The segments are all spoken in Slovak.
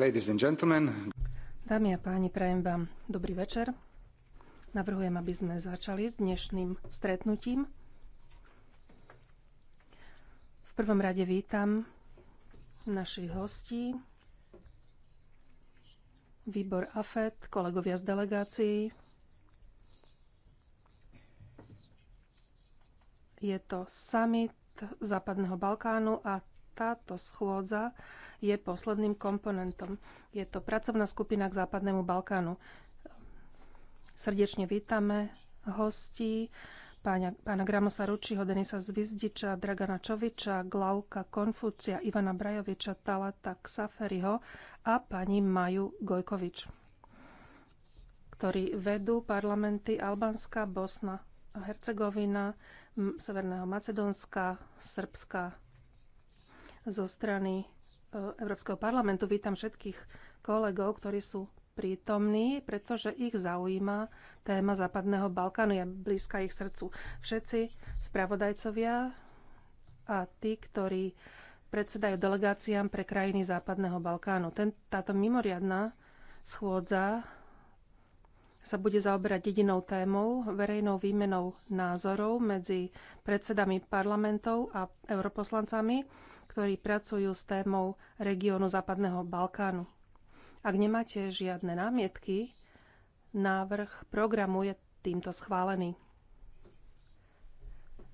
Ladies and gentlemen. Dámy a páni, prajem vám dobrý večer. Navrhujem, aby sme začali s dnešným stretnutím. V prvom rade vítam našich hostí, výbor AFET, kolegovia z delegácií. Je to summit Západného Balkánu a táto schôdza je posledným komponentom. Je to pracovná skupina k Západnému Balkánu. Srdečne vítame hostí pána, pána Gramosa Ručiho, Denisa Zvizdiča, Dragana Čoviča, Glauka Konfúcia, Ivana Brajoviča, Talata Ksaferiho a pani Maju Gojkovič, ktorí vedú parlamenty Albánska, Bosna a Hercegovina, Severného Macedónska, Srbska zo strany e, Európskeho parlamentu. Vítam všetkých kolegov, ktorí sú prítomní, pretože ich zaujíma téma Západného Balkánu, je blízka ich srdcu. Všetci spravodajcovia a tí, ktorí predsedajú delegáciám pre krajiny Západného Balkánu. Ten, táto mimoriadná schôdza sa bude zaoberať jedinou témou, verejnou výmenou názorov medzi predsedami parlamentov a europoslancami ktorí pracujú s témou regiónu Západného Balkánu. Ak nemáte žiadne námietky, návrh programu je týmto schválený.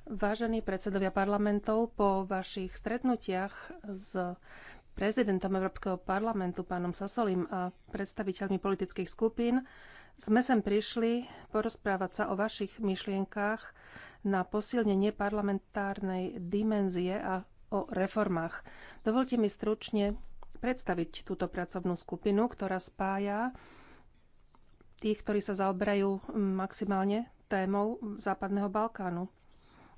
Vážení predsedovia parlamentov, po vašich stretnutiach s prezidentom Európskeho parlamentu, pánom Sasolim a predstaviteľmi politických skupín, sme sem prišli porozprávať sa o vašich myšlienkách na posilnenie parlamentárnej dimenzie a o reformách. Dovolte mi stručne predstaviť túto pracovnú skupinu, ktorá spája tých, ktorí sa zaoberajú maximálne témou Západného Balkánu.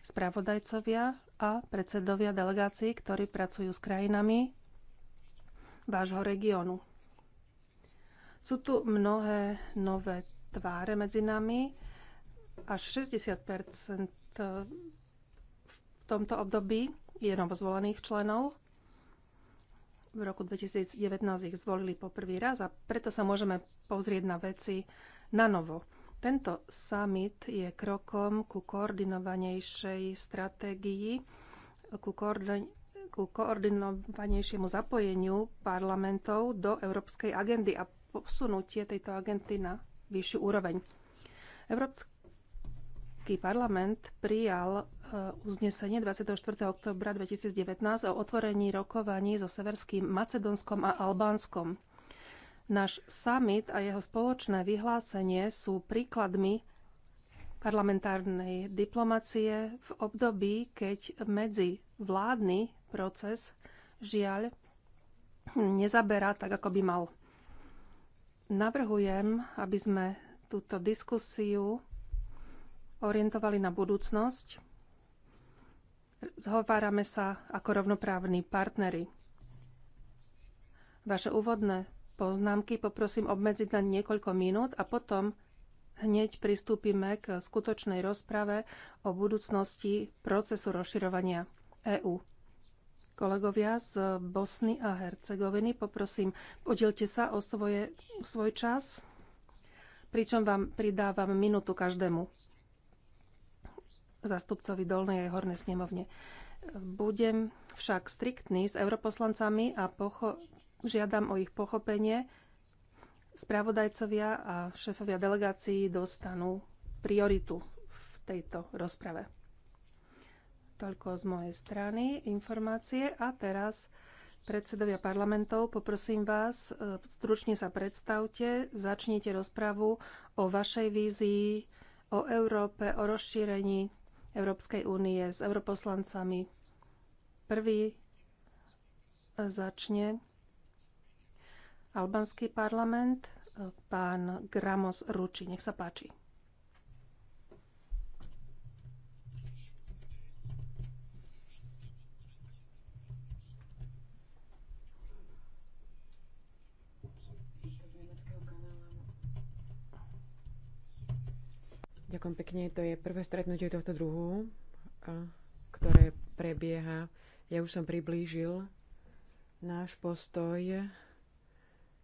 Spravodajcovia a predsedovia delegácií, ktorí pracujú s krajinami vášho regiónu. Sú tu mnohé nové tváre medzi nami. Až 60 v tomto období novozvolených členov. V roku 2019 ich zvolili po prvý raz a preto sa môžeme pozrieť na veci na novo. Tento summit je krokom ku koordinovanejšej stratégii, ku, koordin- ku koordinovanejšiemu zapojeniu parlamentov do európskej agendy a posunutie tejto agendy na vyššiu úroveň. Európsky parlament prijal Eh, uznesenie 24. oktobra 2019 o otvorení rokovaní so Severským Macedónskom a Albánskom. Náš summit a jeho spoločné vyhlásenie sú príkladmi parlamentárnej diplomacie v období, keď medzi vládny proces žiaľ nezaberá tak, ako by mal. Navrhujem, aby sme túto diskusiu orientovali na budúcnosť Zhovárame sa ako rovnoprávni partnery. Vaše úvodné poznámky poprosím obmedziť na niekoľko minút a potom hneď pristúpime k skutočnej rozprave o budúcnosti procesu rozširovania EÚ. Kolegovia z Bosny a Hercegoviny, poprosím, podielte sa o svoje, svoj čas, pričom vám pridávam minútu každému zastupcovi Dolnej aj Hornej snemovne. Budem však striktný s europoslancami a žiadam o ich pochopenie. Spravodajcovia a šéfovia delegácií dostanú prioritu v tejto rozprave. Toľko z mojej strany informácie a teraz predsedovia parlamentov, poprosím vás, e, stručne sa predstavte, začnite rozpravu o vašej vízii, o Európe, o rozšírení Európskej únie s europoslancami. Prvý začne albanský parlament, pán Gramos Ruči. Nech sa páči. Ďakujem pekne. To je prvé stretnutie tohto druhu, ktoré prebieha. Ja už som priblížil náš postoj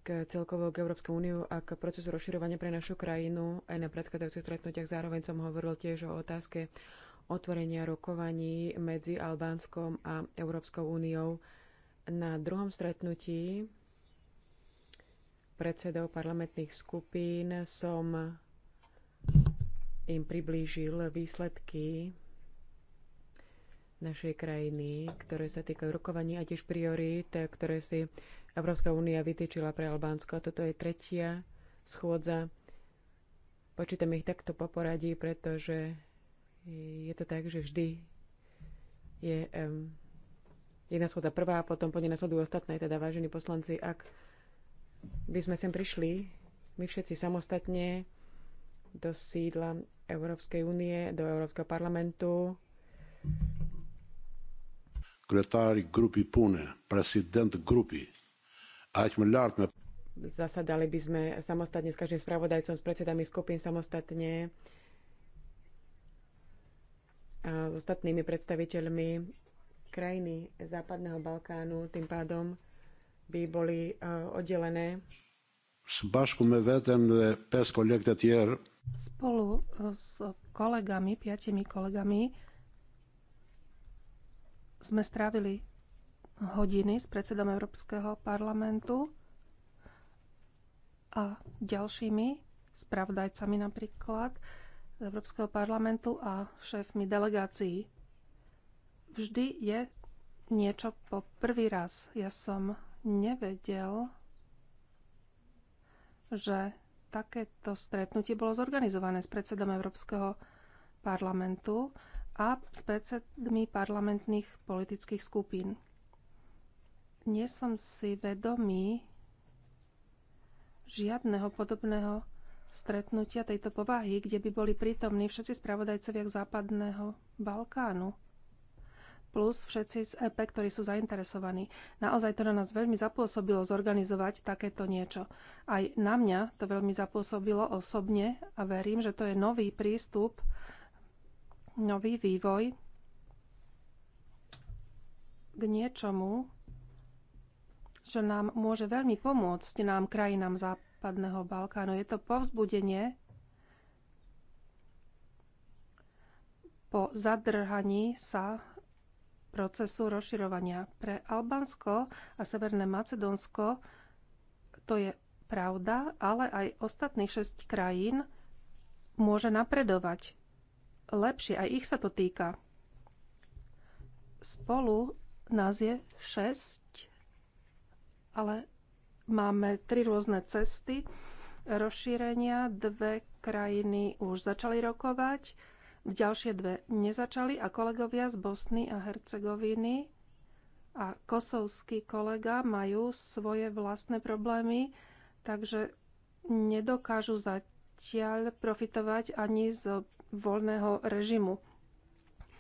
k celkovo k Európskej úniu a k procesu rozširovania pre našu krajinu. Aj na predchádzajúcich stretnutiach zároveň som hovoril tiež o otázke otvorenia rokovaní medzi Albánskom a Európskou úniou. Na druhom stretnutí predsedov parlamentných skupín som im priblížil výsledky našej krajiny, ktoré sa týkajú rokovaní a tiež priorít, ktoré si Európska únia vytýčila pre Albánsko. A toto je tretia schôdza. Počítam ich takto po poradí, pretože je to tak, že vždy je um, jedna schôdza prvá a potom po nej nasledujú ostatné. Teda, vážení poslanci, ak by sme sem prišli, my všetci samostatne do sídla Európskej únie do Európskeho parlamentu. Kretári grupy Pune, prezident grupy. Zasadali by sme samostatne s každým spravodajcom, s predsedami skupín samostatne a s ostatnými predstaviteľmi krajiny Západného Balkánu. Tým pádom by boli oddelené Spolu eh, s kolegami, piatimi kolegami, sme strávili hodiny s predsedom Európskeho parlamentu a ďalšími spravdajcami napríklad z Európskeho parlamentu a šéfmi delegácií. Vždy je niečo po prvý raz. Ja som nevedel, že takéto stretnutie bolo zorganizované s predsedom Európskeho parlamentu a s predsedmi parlamentných politických skupín. Nie som si vedomý žiadneho podobného stretnutia tejto povahy, kde by boli prítomní všetci spravodajcovia západného Balkánu plus všetci z EP, ktorí sú zainteresovaní. Naozaj to na nás veľmi zapôsobilo zorganizovať takéto niečo. Aj na mňa to veľmi zapôsobilo osobne a verím, že to je nový prístup, nový vývoj k niečomu, čo nám môže veľmi pomôcť nám krajinám Západného Balkánu. Je to povzbudenie po zadrhaní sa procesu rozširovania. Pre Albánsko a Severné Macedónsko to je pravda, ale aj ostatných 6 krajín môže napredovať lepšie. Aj ich sa to týka. Spolu nás je 6, ale máme tri rôzne cesty rozšírenia. Dve krajiny už začali rokovať Ďalšie dve nezačali a kolegovia z Bosny a Hercegoviny a kosovský kolega majú svoje vlastné problémy, takže nedokážu zatiaľ profitovať ani z voľného režimu.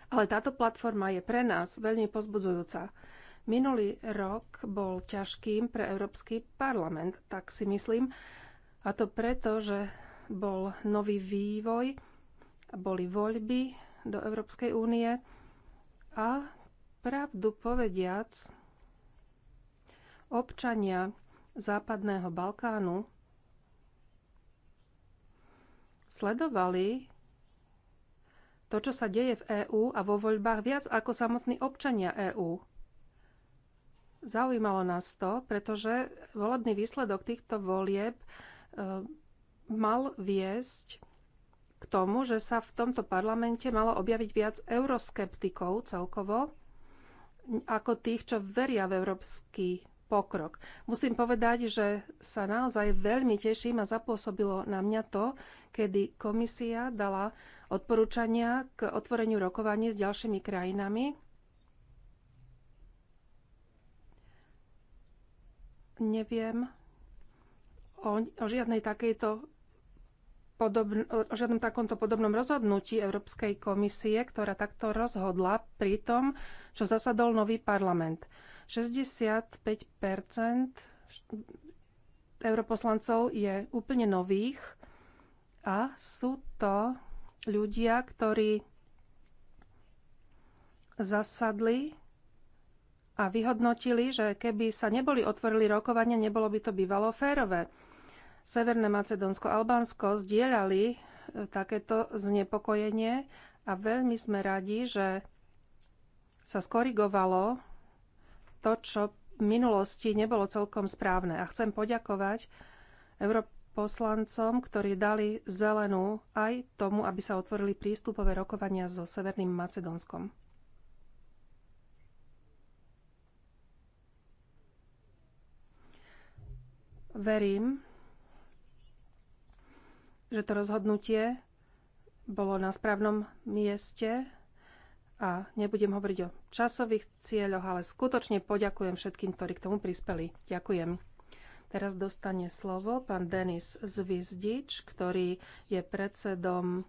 Ale táto platforma je pre nás veľmi pozbudzujúca. Minulý rok bol ťažkým pre Európsky parlament, tak si myslím, a to preto, že bol nový vývoj boli voľby do Európskej únie a pravdu povediac občania Západného Balkánu sledovali to, čo sa deje v EÚ a vo voľbách viac ako samotní občania EÚ. Zaujímalo nás to, pretože volebný výsledok týchto volieb e, mal viesť k tomu, že sa v tomto parlamente malo objaviť viac euroskeptikov celkovo, ako tých, čo veria v európsky pokrok. Musím povedať, že sa naozaj veľmi teším a zapôsobilo na mňa to, kedy komisia dala odporúčania k otvoreniu rokovaní s ďalšími krajinami. Neviem o, o žiadnej takejto podobn- o žiadnom takomto podobnom rozhodnutí Európskej komisie, ktorá takto rozhodla pri tom, čo zasadol nový parlament. 65 europoslancov je úplne nových a sú to ľudia, ktorí zasadli a vyhodnotili, že keby sa neboli otvorili rokovania, nebolo by to bývalo férové. Severné Macedónsko, Albánsko zdieľali e, takéto znepokojenie a veľmi sme radi, že sa skorigovalo to, čo v minulosti nebolo celkom správne. A chcem poďakovať europoslancom, ktorí dali zelenú aj tomu, aby sa otvorili prístupové rokovania so Severným Macedónskom. Verím, že to rozhodnutie bolo na správnom mieste a nebudem hovoriť o časových cieľoch, ale skutočne poďakujem všetkým, ktorí k tomu prispeli. Ďakujem. Teraz dostane slovo pán Denis Zvizdič, ktorý je predsedom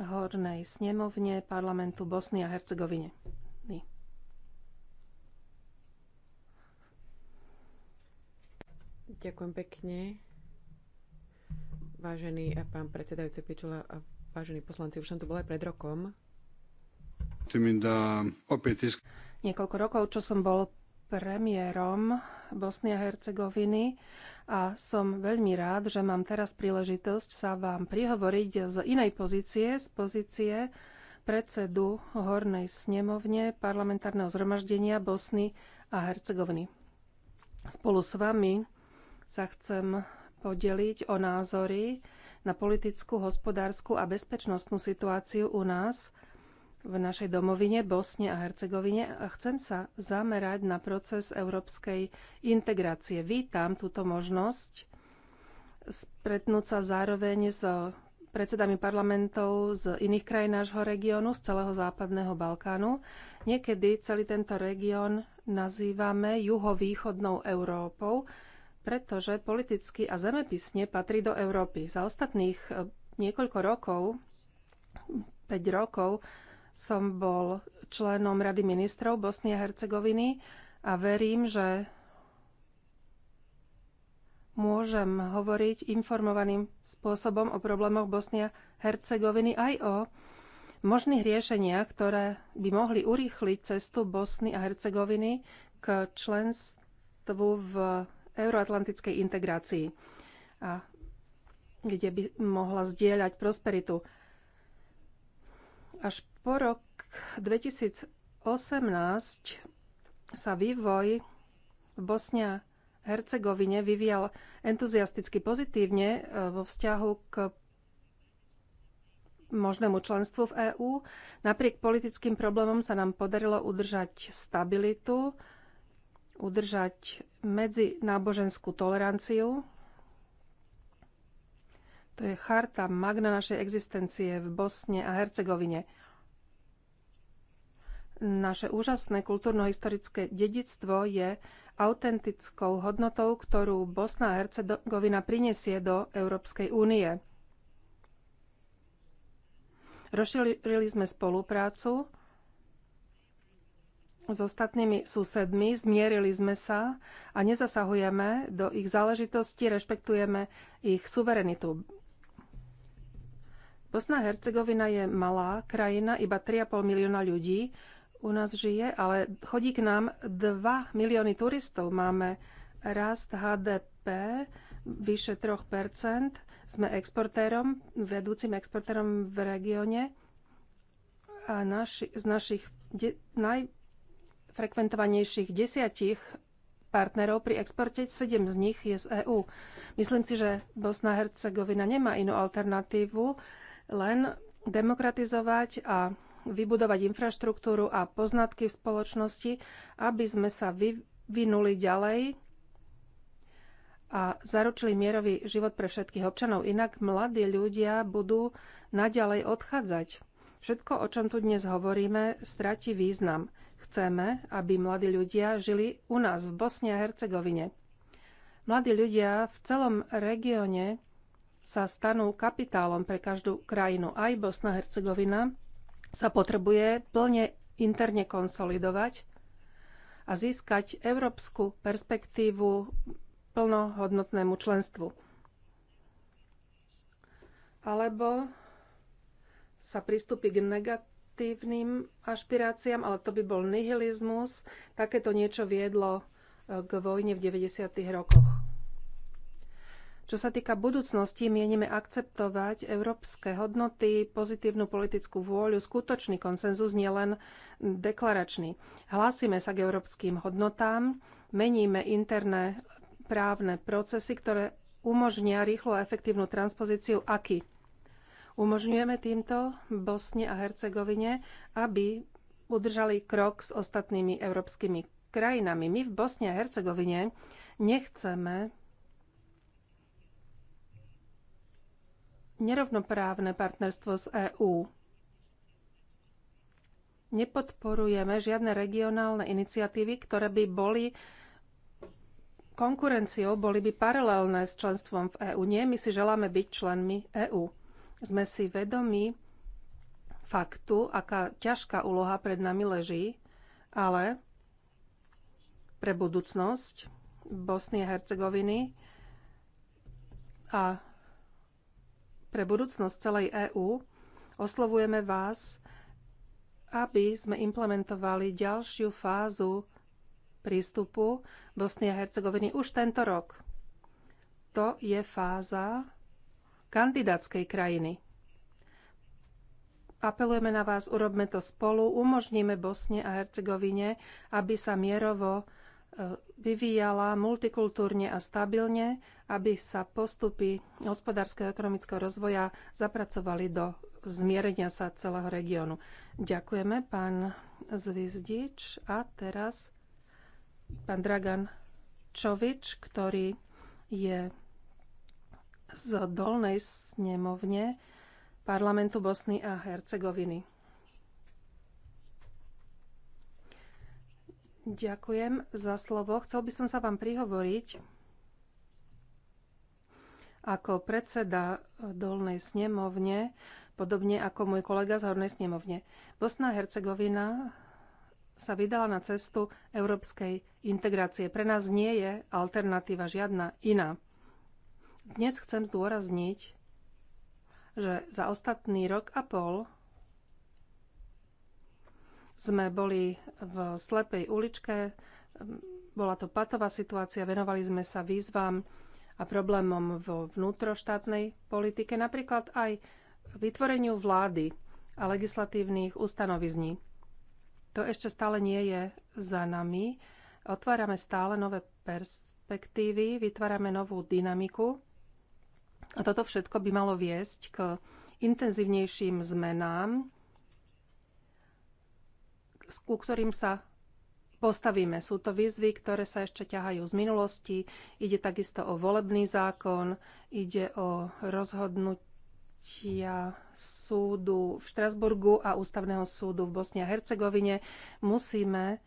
Hornej snemovne parlamentu Bosny a Hercegoviny. Ďakujem pekne. Vážený pán predsedajúci Pičula a vážení poslanci, už som tu bol aj pred rokom. Niekoľko rokov, čo som bol premiérom Bosny a Hercegoviny a som veľmi rád, že mám teraz príležitosť sa vám prihovoriť z inej pozície, z pozície predsedu Hornej snemovne parlamentárneho zhromaždenia Bosny a Hercegoviny. Spolu s vami sa chcem podeliť o názory na politickú, hospodárskú a bezpečnostnú situáciu u nás v našej domovine Bosne a Hercegovine a chcem sa zamerať na proces európskej integrácie. Vítam túto možnosť stretnúť sa zároveň s predsedami parlamentov z iných krajín nášho regiónu, z celého západného Balkánu. Niekedy celý tento región nazývame juhovýchodnou Európou, pretože politicky a zemepisne patrí do Európy. Za ostatných eh, niekoľko rokov, 5 rokov, som bol členom Rady ministrov Bosny a Hercegoviny a verím, že môžem hovoriť informovaným spôsobom o problémoch Bosny a Hercegoviny aj o možných riešeniach, ktoré by mohli urýchliť cestu Bosny a Hercegoviny k členstvu v euroatlantickej integrácii, a kde by mohla zdieľať prosperitu. Až po rok 2018 sa vývoj v Bosne a Hercegovine vyvíjal entuziasticky pozitívne e, vo vzťahu k možnému členstvu v EÚ. Napriek politickým problémom sa nám podarilo udržať stabilitu udržať medzináboženskú toleranciu. To je charta magna našej existencie v Bosne a Hercegovine. Naše úžasné kultúrno-historické dedictvo je autentickou hodnotou, ktorú Bosna a Hercegovina prinesie do Európskej únie. Rozšírili sme spoluprácu s ostatnými susedmi, zmierili sme sa a nezasahujeme do ich záležitosti, rešpektujeme ich suverenitu. Bosna a Hercegovina je malá krajina, iba 3,5 milióna ľudí u nás žije, ale chodí k nám 2 milióny turistov. Máme rast HDP vyše 3 Sme exportérom, vedúcim exportérom v regióne a naši, z našich de, naj, najfrekventovanejších desiatich partnerov pri exporte, sedem z nich je z EÚ. Myslím si, že Bosna a Hercegovina nemá inú alternatívu, len demokratizovať a vybudovať infraštruktúru a poznatky v spoločnosti, aby sme sa vyvinuli ďalej a zaručili mierový život pre všetkých občanov. Inak mladí ľudia budú naďalej odchádzať. Všetko, o čom tu dnes hovoríme, stratí význam. Chceme, aby mladí ľudia žili u nás v Bosne a Hercegovine. Mladí ľudia v celom regióne sa stanú kapitálom pre každú krajinu. Aj Bosna a Hercegovina sa potrebuje plne interne konsolidovať a získať európsku perspektívu plnohodnotnému členstvu. Alebo sa pristúpi k negat- pozitívnym ašpiráciám, ale to by bol nihilizmus. Takéto niečo viedlo e, k vojne v 90. rokoch. Čo sa týka budúcnosti, mienime akceptovať európske hodnoty, pozitívnu politickú vôľu, skutočný konsenzus, nielen deklaračný. Hlásime sa k európskym hodnotám, meníme interné právne procesy, ktoré umožnia rýchlu a efektívnu transpozíciu aký Umožňujeme týmto Bosne a Hercegovine, aby udržali krok s ostatnými európskymi krajinami. My v Bosne a Hercegovine nechceme nerovnoprávne partnerstvo z EÚ. Nepodporujeme žiadne regionálne iniciatívy, ktoré by boli konkurenciou, boli by paralelné s členstvom v EÚ. Nie, my si želáme byť členmi EÚ. Sme si vedomi faktu, aká ťažká úloha pred nami leží, ale pre budúcnosť Bosny a Hercegoviny a pre budúcnosť celej EÚ oslovujeme vás, aby sme implementovali ďalšiu fázu prístupu Bosny a Hercegoviny už tento rok. To je fáza, kandidátskej krajiny. Apelujeme na vás, urobme to spolu, umožníme Bosne a Hercegovine, aby sa mierovo e, vyvíjala multikultúrne a stabilne, aby sa postupy hospodárskeho a ekonomického rozvoja zapracovali do zmierenia sa celého regiónu. Ďakujeme, pán Zvizdič. A teraz pán Dragan Čovič, ktorý je z dolnej snemovne parlamentu Bosny a Hercegoviny. Ďakujem za slovo. Chcel by som sa vám prihovoriť ako predseda dolnej snemovne, podobne ako môj kolega z hornej snemovne. Bosna a Hercegovina sa vydala na cestu európskej integrácie. Pre nás nie je alternatíva žiadna iná. Dnes chcem zdôrazniť, že za ostatný rok a pol sme boli v slepej uličke, bola to patová situácia, venovali sme sa výzvam a problémom vo vnútroštátnej politike, napríklad aj vytvoreniu vlády a legislatívnych ustanovizní. To ešte stále nie je za nami. Otvárame stále nové perspektívy, vytvárame novú dynamiku a toto všetko by malo viesť k intenzívnejším zmenám, ku ktorým sa postavíme. Sú to výzvy, ktoré sa ešte ťahajú z minulosti. Ide takisto o volebný zákon, ide o rozhodnutia súdu v Štrasburgu a ústavného súdu v Bosni a Hercegovine. Musíme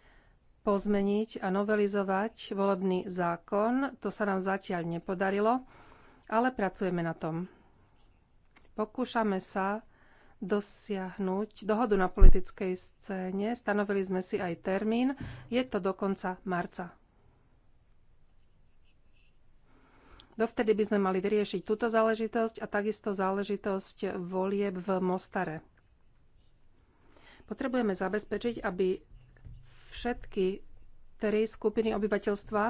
pozmeniť a novelizovať volebný zákon. To sa nám zatiaľ nepodarilo ale pracujeme na tom. Pokúšame sa dosiahnuť dohodu na politickej scéne. Stanovili sme si aj termín. Je to do konca marca. Dovtedy by sme mali vyriešiť túto záležitosť a takisto záležitosť volieb v Mostare. Potrebujeme zabezpečiť, aby všetky tri skupiny obyvateľstva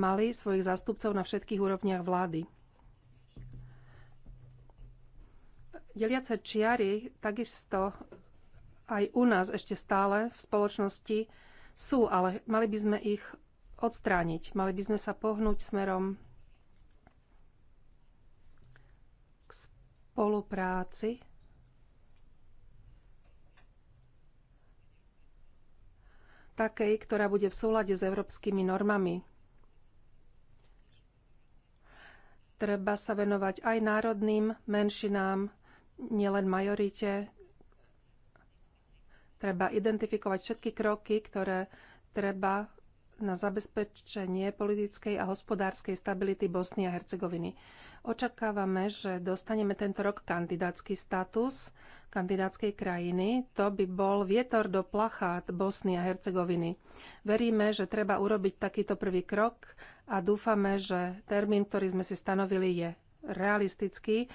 mali svojich zástupcov na všetkých úrovniach vlády. Deliace čiary takisto aj u nás ešte stále v spoločnosti sú, ale mali by sme ich odstrániť. Mali by sme sa pohnúť smerom k spolupráci. takej, ktorá bude v súlade s európskymi normami. Treba sa venovať aj národným menšinám, nielen majorite. Treba identifikovať všetky kroky, ktoré treba na zabezpečenie politickej a hospodárskej stability Bosny a Hercegoviny. Očakávame, že dostaneme tento rok kandidátsky status kandidátskej krajiny. To by bol vietor do plachát Bosny a Hercegoviny. Veríme, že treba urobiť takýto prvý krok a dúfame, že termín, ktorý sme si stanovili, je realistický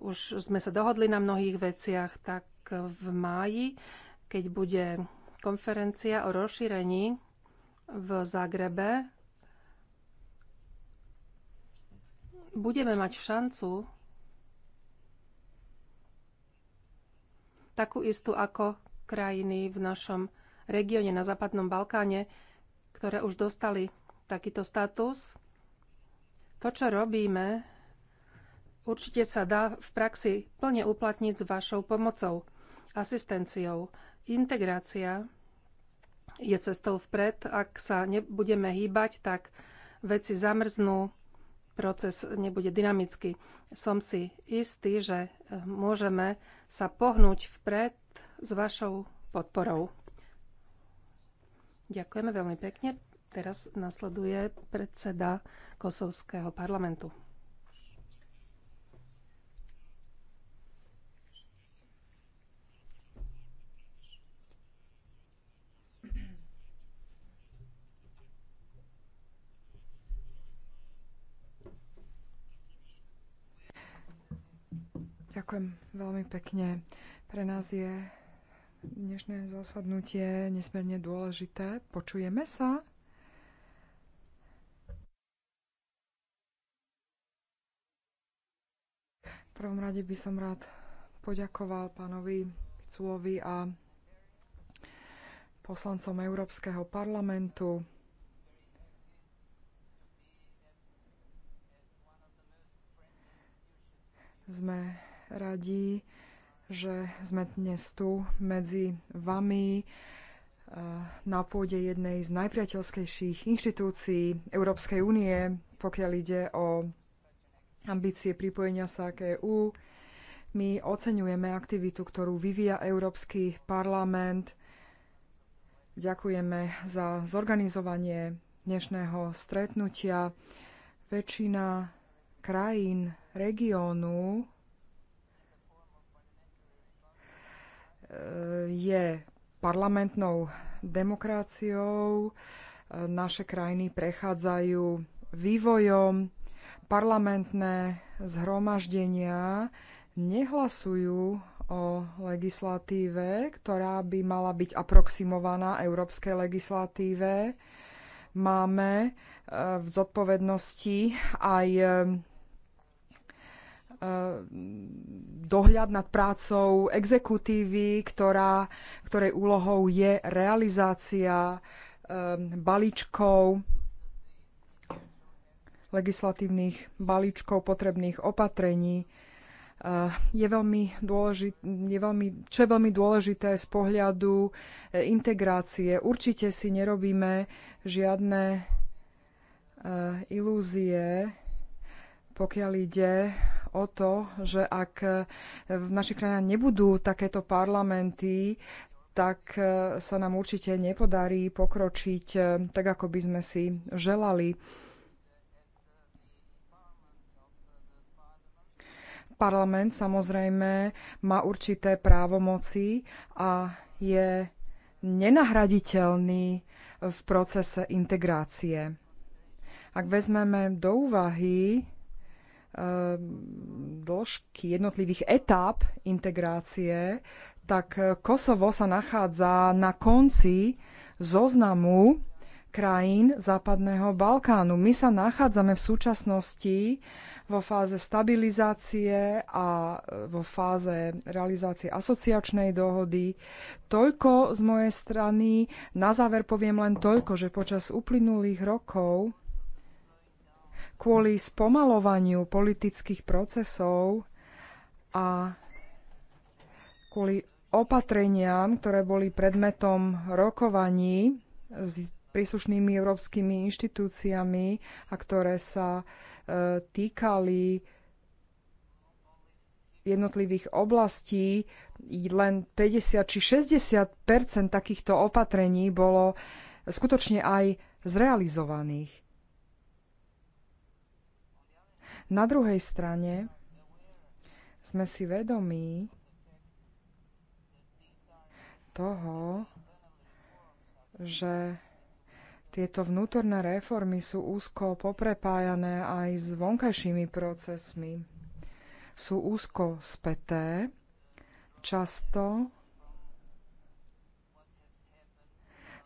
už sme sa dohodli na mnohých veciach, tak v máji, keď bude konferencia o rozšírení v Zagrebe, budeme mať šancu takú istú ako krajiny v našom regióne na Západnom Balkáne, ktoré už dostali takýto status. To, čo robíme, určite sa dá v praxi plne uplatniť s vašou pomocou, asistenciou. Integrácia je cestou vpred. Ak sa nebudeme hýbať, tak veci zamrznú, proces nebude dynamický. Som si istý, že eh, môžeme sa pohnúť vpred s vašou podporou. Ďakujeme veľmi pekne. Teraz nasleduje predseda Kosovského parlamentu. Ďakujem veľmi pekne. Pre nás je dnešné zasadnutie nesmierne dôležité. Počujeme sa? V prvom rade by som rád poďakoval pánovi Piculovi a poslancom Európskeho parlamentu. Sme radi, že sme dnes tu medzi vami eh, na pôde jednej z najpriateľskejších inštitúcií Európskej únie, pokiaľ ide o ambície pripojenia sa k EÚ. My oceňujeme aktivitu, ktorú vyvíja Európsky parlament. Ďakujeme za zorganizovanie dnešného stretnutia. Väčšina krajín regiónu je parlamentnou demokraciou. Naše krajiny prechádzajú vývojom. Parlamentné zhromaždenia nehlasujú o legislatíve, ktorá by mala byť aproximovaná európskej legislatíve. Máme eh, v zodpovednosti aj eh, Eh, dohľad nad prácou exekutívy, ktorá, ktorej úlohou je realizácia eh, balíčkov, legislatívnych balíčkov potrebných opatrení eh, je veľmi dôležité, je veľmi, čo je veľmi dôležité z pohľadu integrácie. Určite si nerobíme žiadne ilúzie, pokiaľ ide o to, že ak e, v našich krajinách nebudú takéto parlamenty, tak e, sa nám určite nepodarí pokročiť e, tak, ako by sme si želali. Parlament samozrejme má určité právomoci a je nenahraditeľný v procese integrácie. Ak vezmeme do úvahy Ehm, dĺžky jednotlivých etáp integrácie, tak e, Kosovo sa nachádza na konci zoznamu krajín Západného Balkánu. My sa nachádzame v súčasnosti vo fáze stabilizácie a e, vo fáze realizácie asociačnej dohody. Toľko z mojej strany. Na záver poviem len toľko, že počas uplynulých rokov kvôli spomalovaniu politických procesov a kvôli opatreniam, ktoré boli predmetom rokovaní s príslušnými európskymi inštitúciami a ktoré sa e, týkali jednotlivých oblastí. Len 50 či 60 takýchto opatrení bolo skutočne aj zrealizovaných. Na druhej strane sme si vedomí toho, že tieto vnútorné reformy sú úzko poprepájané aj s vonkajšími procesmi. Sú úzko späté, často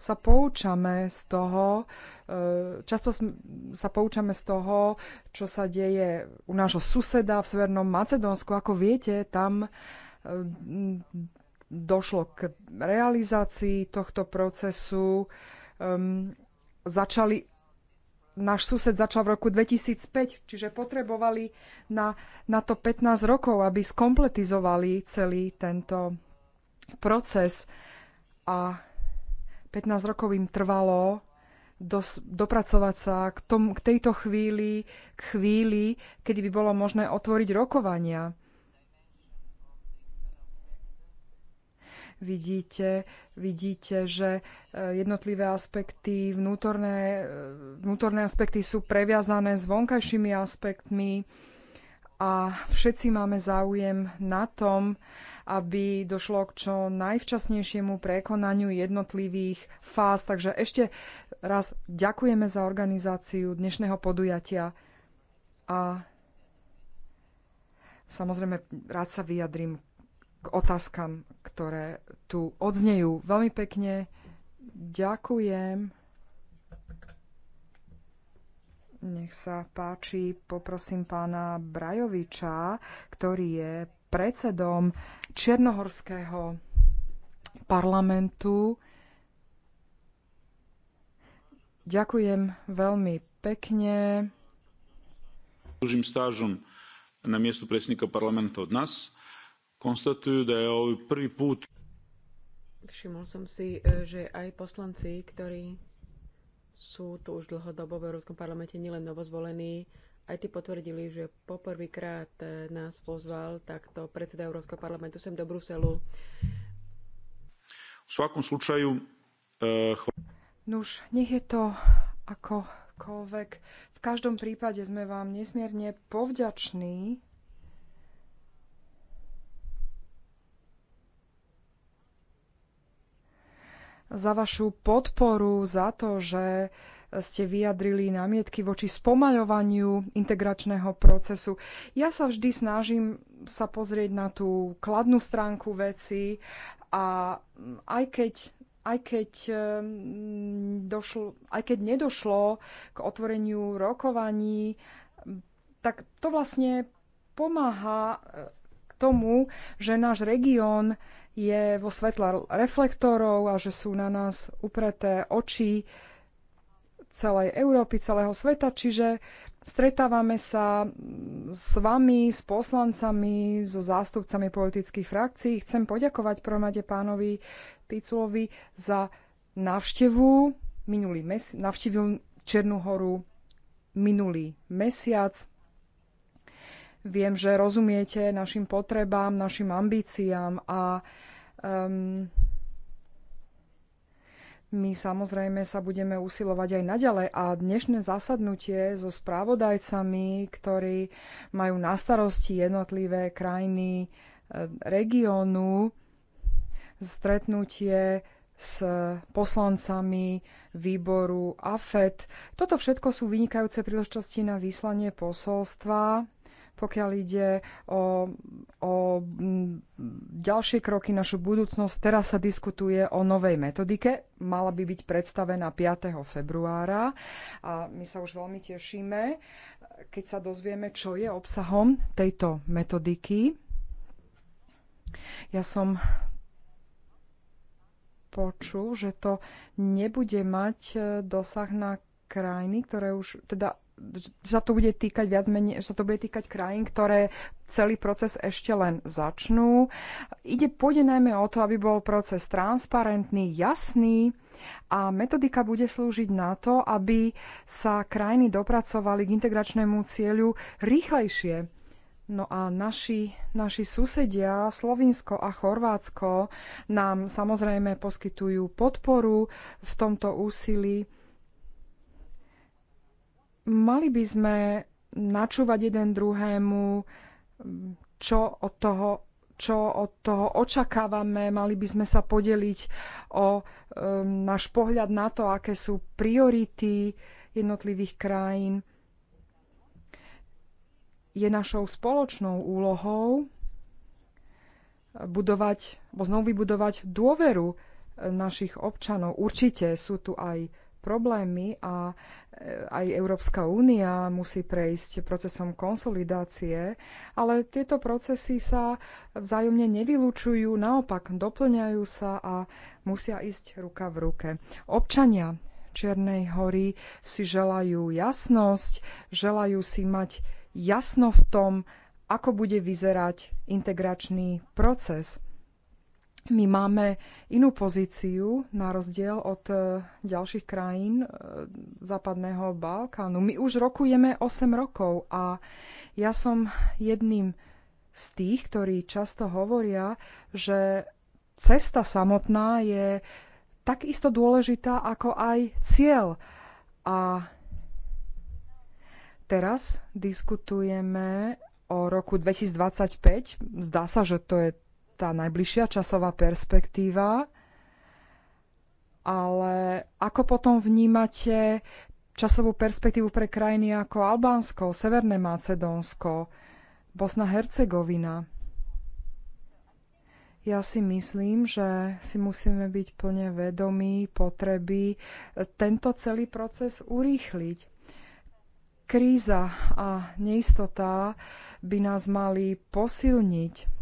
sa poučame z toho, e, často sa poučame z toho, čo sa deje u nášho suseda v Severnom Macedónsku. Ako viete, tam e, došlo k realizácii tohto procesu. Začali náš sused začal v roku 2005, čiže potrebovali na, na to 15 rokov, aby skompletizovali celý tento proces. A 15 rokov im trvalo dos, dopracovať sa k, tom, k tejto chvíli, k chvíli, kedy by bolo možné otvoriť rokovania. Vidíte, vidíte, že e, jednotlivé aspekty, vnútorné, e, vnútorné aspekty sú previazané s vonkajšími aspektmi a všetci máme záujem na tom, aby došlo k čo najvčasnejšiemu prekonaniu jednotlivých fáz. Takže ešte raz ďakujeme za organizáciu dnešného podujatia a samozrejme rád sa vyjadrím k otázkam, ktoré tu odznejú. Veľmi pekne ďakujem. Nech sa páči, poprosím pána Brajoviča, ktorý je predsedom Čiernohorského parlamentu. Ďakujem veľmi pekne. Dužim stážom na miestu presnika parlamentu od nás. Konstatujú, da je ovaj prvý put... Všimol som si, e, že aj poslanci, ktorí sú tu už dlhodobo v Európskom parlamente nielen novozvolení, aj ty potvrdili, že poprvýkrát eh, nás pozval takto predseda Európskeho parlamentu sem do Bruselu. V svakom slučaju... Eh, Nuž, nech je to akokoľvek. V každom prípade sme vám nesmierne povďační za vašu podporu, za to, že ste vyjadrili námietky voči spomaľovaniu integračného procesu. Ja sa vždy snažím sa pozrieť na tú kladnú stránku veci a aj keď aj keď, došlo, aj keď nedošlo k otvoreniu rokovaní, tak to vlastne pomáha eh, k tomu, že náš región je vo svetle reflektorov a že sú na nás upreté oči celej Európy, celého sveta, čiže stretávame sa s vami, s poslancami, so zástupcami politických frakcií. Chcem poďakovať promade pánovi Piculovi za návštevu minulý mes- navštívil Černú horu minulý mesiac. Viem, že rozumiete našim potrebám, našim ambíciám a Um, my samozrejme sa budeme usilovať aj naďalej a dnešné zasadnutie so správodajcami, ktorí majú na starosti jednotlivé krajiny eh, regiónu, stretnutie s poslancami výboru AFET. Toto všetko sú vynikajúce príležitosti na vyslanie posolstva pokiaľ ide o, o ďalšie kroky, našu budúcnosť. Teraz sa diskutuje o novej metodike. Mala by byť predstavená 5. februára a my sa už veľmi tešíme, keď sa dozvieme, čo je obsahom tejto metodiky. Ja som počul, že to nebude mať e, dosah na krajiny, ktoré už, teda že sa to bude týkať viac menej, že sa to bude týkať krajín, ktoré celý proces ešte len začnú. Ide pôjde najmä o to, aby bol proces transparentný, jasný a metodika bude slúžiť na to, aby sa krajiny dopracovali k integračnému cieľu rýchlejšie. No a naši, naši susedia, Slovinsko a Chorvátsko, nám samozrejme poskytujú podporu v tomto úsilí Mali by sme načúvať jeden druhému, čo od toho čo od toho očakávame, mali by sme sa podeliť o e, náš pohľad na to, aké sú priority jednotlivých krajín. Je našou spoločnou úlohou budovať, znovu vybudovať dôveru eh, našich občanov. Určite sú tu aj problémy a e, aj Európska únia musí prejsť procesom konsolidácie, ale tieto procesy sa vzájomne nevylučujú, naopak doplňajú sa a musia ísť ruka v ruke. Občania Čiernej hory si želajú jasnosť, želajú si mať jasno v tom, ako bude vyzerať integračný proces. My máme inú pozíciu na rozdiel od e, ďalších krajín e, západného Balkánu. My už rokujeme 8 rokov a ja som jedným z tých, ktorí často hovoria, že cesta samotná je takisto dôležitá ako aj cieľ. A teraz diskutujeme o roku 2025. Zdá sa, že to je tá najbližšia časová perspektíva, ale ako potom vnímate časovú perspektívu pre krajiny ako Albánsko, Severné Macedónsko, Bosna-Hercegovina? Ja si myslím, že si musíme byť plne vedomí potreby tento celý proces urýchliť. Kríza a neistota by nás mali posilniť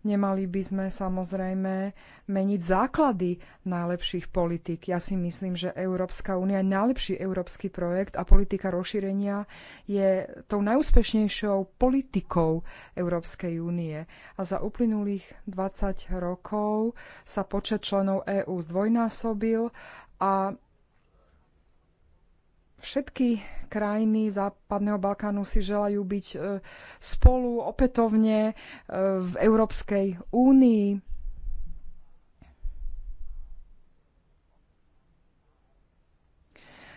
Nemali by sme samozrejme meniť základy najlepších politik. Ja si myslím, že Európska únia je najlepší európsky projekt a politika rozšírenia je tou najúspešnejšou politikou Európskej únie. A za uplynulých 20 rokov sa počet členov EÚ zdvojnásobil a Všetky krajiny Západného Balkánu si želajú byť e, spolu opätovne e, v Európskej únii.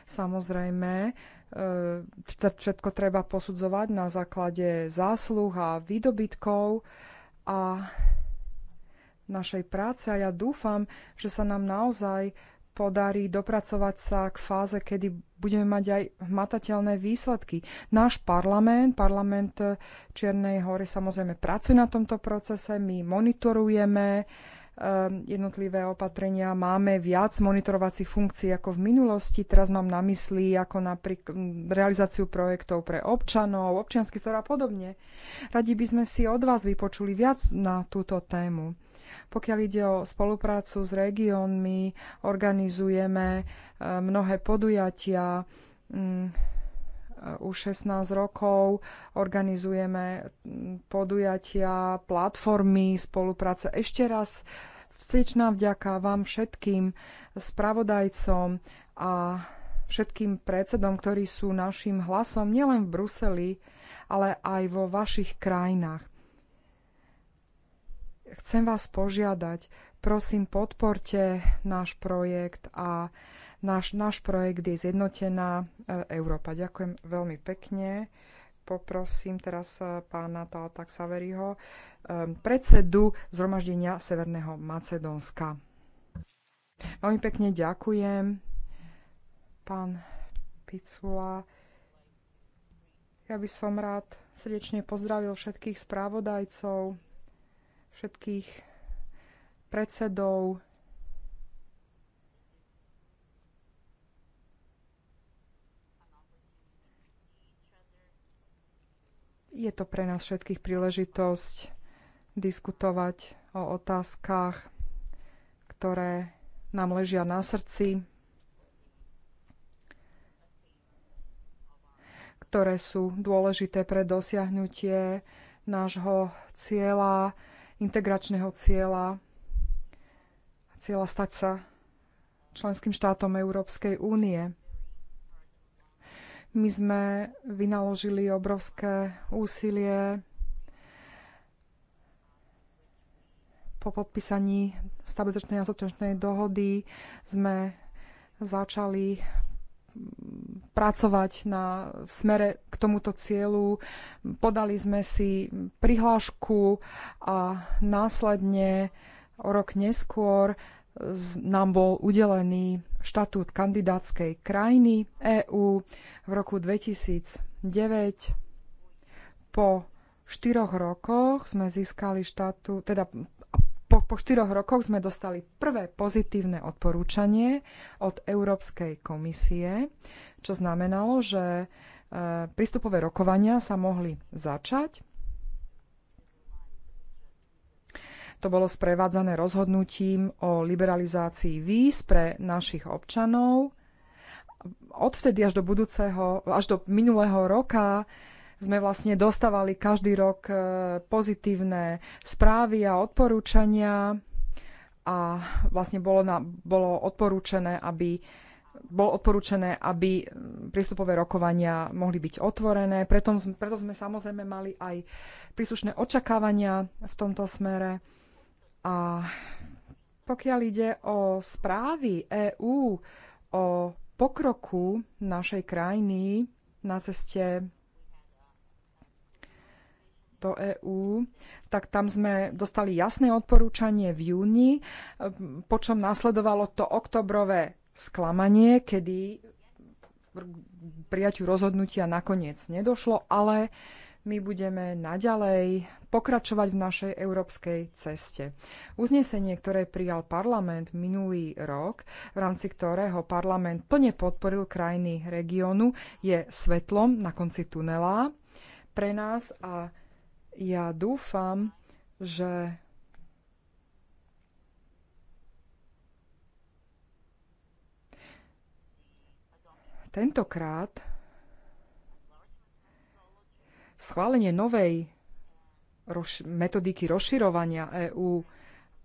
Samozrejme, e, všetko treba posudzovať na základe zásluh a výdobytkov a našej práce a ja dúfam, že sa nám naozaj podarí dopracovať sa k fáze, kedy budeme mať aj hmatateľné výsledky. Náš parlament, parlament Čiernej hory samozrejme pracuje na tomto procese, my monitorujeme eh, jednotlivé opatrenia, máme viac monitorovacích funkcií ako v minulosti. Teraz mám na mysli ako napríklad realizáciu projektov pre občanov, občiansky stor a podobne. Radi by sme si od vás vypočuli viac na túto tému. Pokiaľ ide o spoluprácu s regiónmi, organizujeme e, mnohé podujatia, mm, e, už 16 rokov organizujeme mm, podujatia, platformy, spolupráce. Ešte raz vstečná vďaka vám všetkým spravodajcom a všetkým predsedom, ktorí sú našim hlasom nielen v Bruseli, ale aj vo vašich krajinách chcem vás požiadať, prosím, podporte náš projekt a náš, náš projekt je zjednotená e, Európa. Ďakujem veľmi pekne. Poprosím teraz e, pána Talta Saveriho, e, predsedu Zhromaždenia Severného Macedónska. Veľmi pekne ďakujem, pán Picula. Ja by som rád srdečne pozdravil všetkých správodajcov, všetkých predsedov je to pre nás všetkých príležitosť diskutovať o otázkach, ktoré nám ležia na srdci, ktoré sú dôležité pre dosiahnutie nášho cieľa integračného cieľa, cieľa stať sa členským štátom Európskej únie. My sme vynaložili obrovské úsilie po podpísaní stabilizačnej a asociačnej dohody sme začali pracovať na, v smere k tomuto cieľu. Podali sme si prihlášku a následne o rok neskôr nám bol udelený štatút kandidátskej krajiny EÚ v roku 2009. Po štyroch rokoch sme získali štatút, teda rokoch, po štyroch rokoch sme dostali prvé pozitívne odporúčanie od Európskej komisie, čo znamenalo, že e, prístupové rokovania sa mohli začať. To bolo sprevádzané rozhodnutím o liberalizácii víz pre našich občanov. Odvtedy až do budúceho, až do minulého roka sme vlastne dostávali každý rok e, pozitívne správy a odporúčania a vlastne bolo, na, bolo odporúčené, aby bolo odporúčené, aby prístupové rokovania mohli byť otvorené. Preto, preto sme samozrejme mali aj príslušné očakávania v tomto smere. A pokiaľ ide o správy EÚ o pokroku našej krajiny na ceste do EÚ, tak tam sme dostali jasné odporúčanie v júni, počom nasledovalo to oktobrové sklamanie, kedy prijaťu rozhodnutia nakoniec nedošlo, ale my budeme naďalej pokračovať v našej európskej ceste. Uznesenie, ktoré prijal parlament minulý rok, v rámci ktorého parlament plne podporil krajiny regiónu, je svetlom na konci tunela pre nás a ja dúfam, že tentokrát schválenie novej roš- metodiky rozširovania EÚ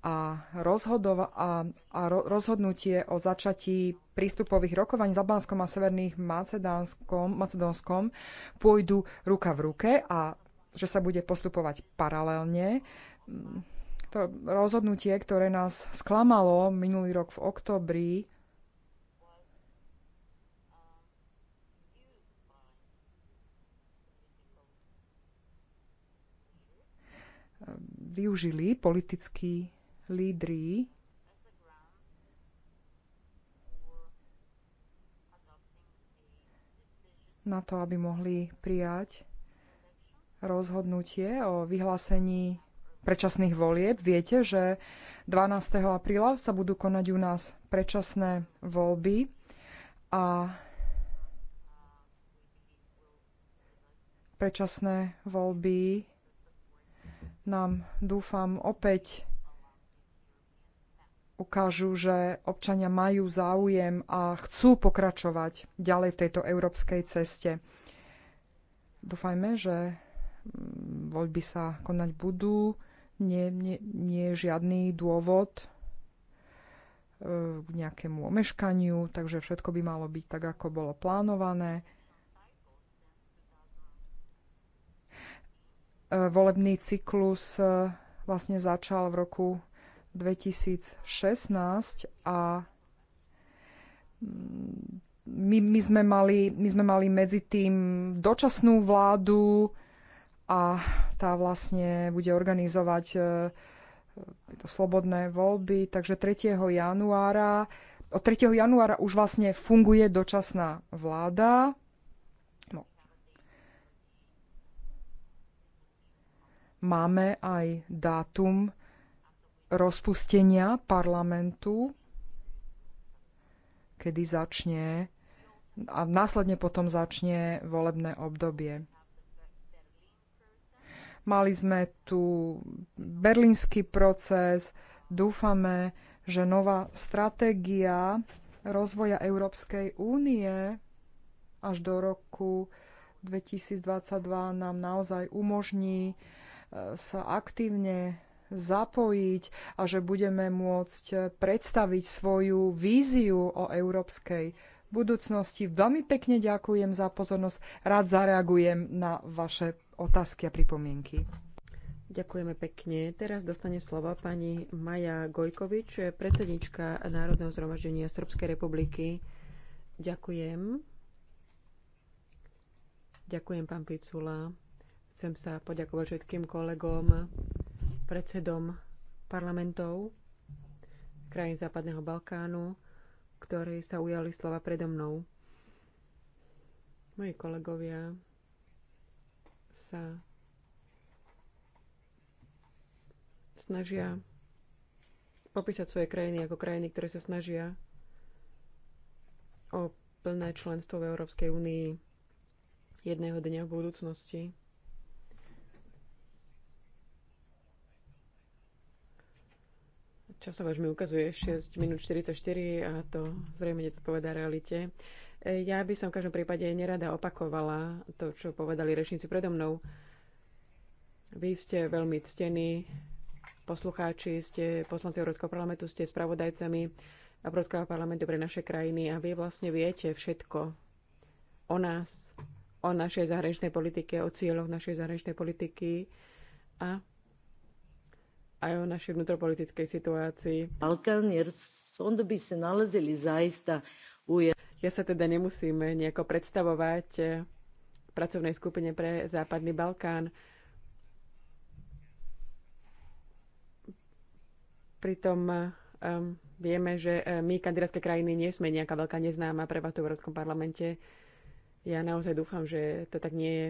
a, rozhodova- a, a ro- rozhodnutie o začatí prístupových rokovaní za Albánskom a severným Macedónskom, Macedónskom pôjdu ruka v ruke a že sa bude postupovať paralelne. Mm, to rozhodnutie, ktoré nás sklamalo minulý rok v oktobri, využili politickí lídry na to, aby mohli prijať rozhodnutie o vyhlásení predčasných volieb. Viete, že 12. apríla sa budú konať u nás predčasné voľby a predčasné voľby nám dúfam opäť ukážu, že občania majú záujem a chcú pokračovať ďalej v tejto európskej ceste. Dúfajme, že voľby sa konať budú. Nie, nie, nie je žiadny dôvod e, k nejakému omeškaniu, takže všetko by malo byť tak, ako bolo plánované. E, volebný cyklus e, vlastne začal v roku 2016 a mm, my, my, sme mali, my sme mali medzi tým dočasnú vládu, a tá vlastne bude organizovať e, to slobodné voľby. Takže 3. januára, od 3. januára už vlastne funguje dočasná vláda. No. Máme aj dátum rozpustenia parlamentu, kedy začne a následne potom začne volebné obdobie. Mali sme tu berlínsky proces. Dúfame, že nová stratégia rozvoja Európskej únie až do roku 2022 nám naozaj umožní e, sa aktívne zapojiť a že budeme môcť predstaviť svoju víziu o európskej budúcnosti. Veľmi pekne ďakujem za pozornosť. Rád zareagujem na vaše otázky a pripomienky. Ďakujeme pekne. Teraz dostane slovo pani Maja Gojkovič, predsednička Národného zhromaždenia Srbskej republiky. Ďakujem. Ďakujem, pán Picula. Chcem sa poďakovať všetkým kolegom, predsedom parlamentov krajín Západného Balkánu, ktorí sa ujali slova predo mnou. Moji kolegovia sa snažia popísať svoje krajiny ako krajiny, ktoré sa snažia o plné členstvo v Európskej únii jedného dňa v budúcnosti. Časovač mi ukazuje 6 minút 44 a to zrejme nezodpovedá realite. Ja by som v každom prípade nerada opakovala to, čo povedali rečníci predo mnou. Vy ste veľmi ctení poslucháči, ste poslanci Európskeho parlamentu, ste spravodajcami Európskeho parlamentu pre naše krajiny a vy vlastne viete všetko o nás, o našej zahraničnej politike, o cieľoch našej zahraničnej politiky a aj o našej vnútropolitickej situácii. Balkán, jer onda by sa nalazili zaista u ja sa teda nemusím nejako predstavovať eh, v pracovnej skupine pre Západný Balkán. Pritom um, vieme, že eh, my, kandidátske krajiny, nie sme nejaká veľká neznáma pre vás v Európskom parlamente. Ja naozaj dúfam, že to tak nie je.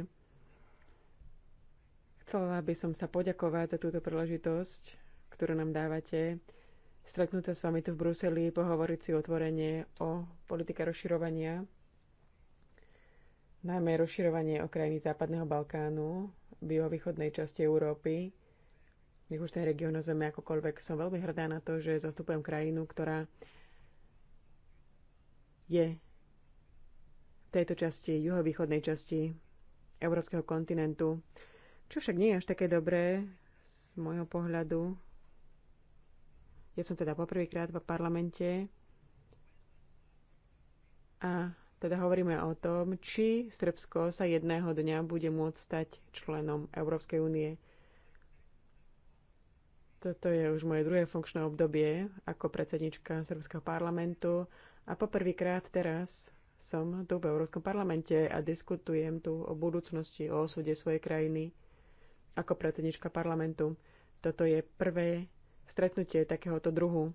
Chcela by som sa poďakovať za túto príležitosť, ktorú nám dávate stretnúť sa s vami tu v Bruseli, pohovoriť si otvorenie o politike rozširovania, najmä rozširovanie o krajiny Západného Balkánu, v juhovýchodnej časti Európy. Nech už ten región nazveme akokoľvek. Som veľmi hrdá na to, že zastupujem krajinu, ktorá je v tejto časti, juhovýchodnej časti európskeho kontinentu, čo však nie je až také dobré z môjho pohľadu, ja som teda poprvýkrát v parlamente a teda hovoríme o tom, či Srbsko sa jedného dňa bude môcť stať členom Európskej únie. Toto je už moje druhé funkčné obdobie ako predsednička Srbského parlamentu a poprvýkrát teraz som tu v Európskom parlamente a diskutujem tu o budúcnosti, o osude svojej krajiny ako predsednička parlamentu. Toto je prvé stretnutie takéhoto druhu.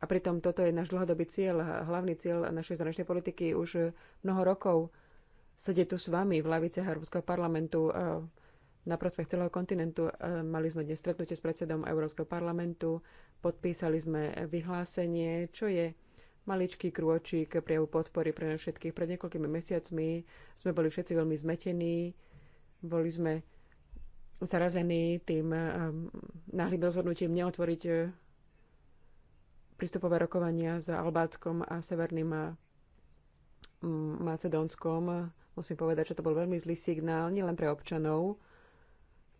A pritom toto je náš dlhodobý cieľ, hlavný cieľ našej zahraničnej politiky už mnoho rokov. Sedie tu s vami v lavice Európskeho parlamentu eh, na prospech celého kontinentu. Eh, mali sme dnes stretnutie s predsedom Európskeho parlamentu, podpísali sme vyhlásenie, čo je maličký krôčik prijavu podpory pre nás všetkých. Pred niekoľkými mesiacmi sme boli všetci veľmi zmetení, boli sme zarazený tým eh, náhlým rozhodnutím neotvoriť eh, prístupové rokovania s Albátskom a Severným eh, Macedónskom. Musím povedať, že to bol veľmi zlý signál nielen pre občanov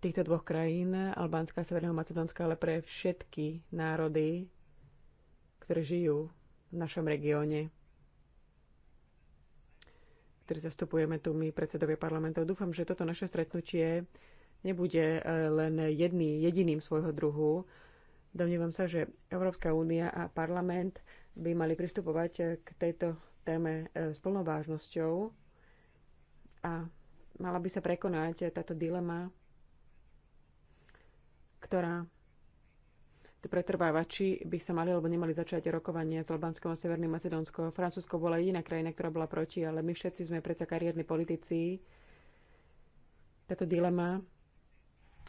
týchto dvoch krajín, Albánska a Severného Macedónska, ale pre všetky národy, ktoré žijú v našom regióne ktorý zastupujeme tu my, predsedovia parlamentov. Dúfam, že toto naše stretnutie nebude eh, len jedný, jediným svojho druhu. Domnívam sa, že Európska únia a parlament by mali pristupovať eh, k tejto téme eh, s plnou vážnosťou a mala by sa prekonať táto dilema, ktorá tu pretrváva, či by sa mali alebo nemali začať rokovania s Albánskom a Severným Macedónskom. Francúzsko bola jediná krajina, ktorá bola proti, ale my všetci sme predsa kariérni politici. Táto dilema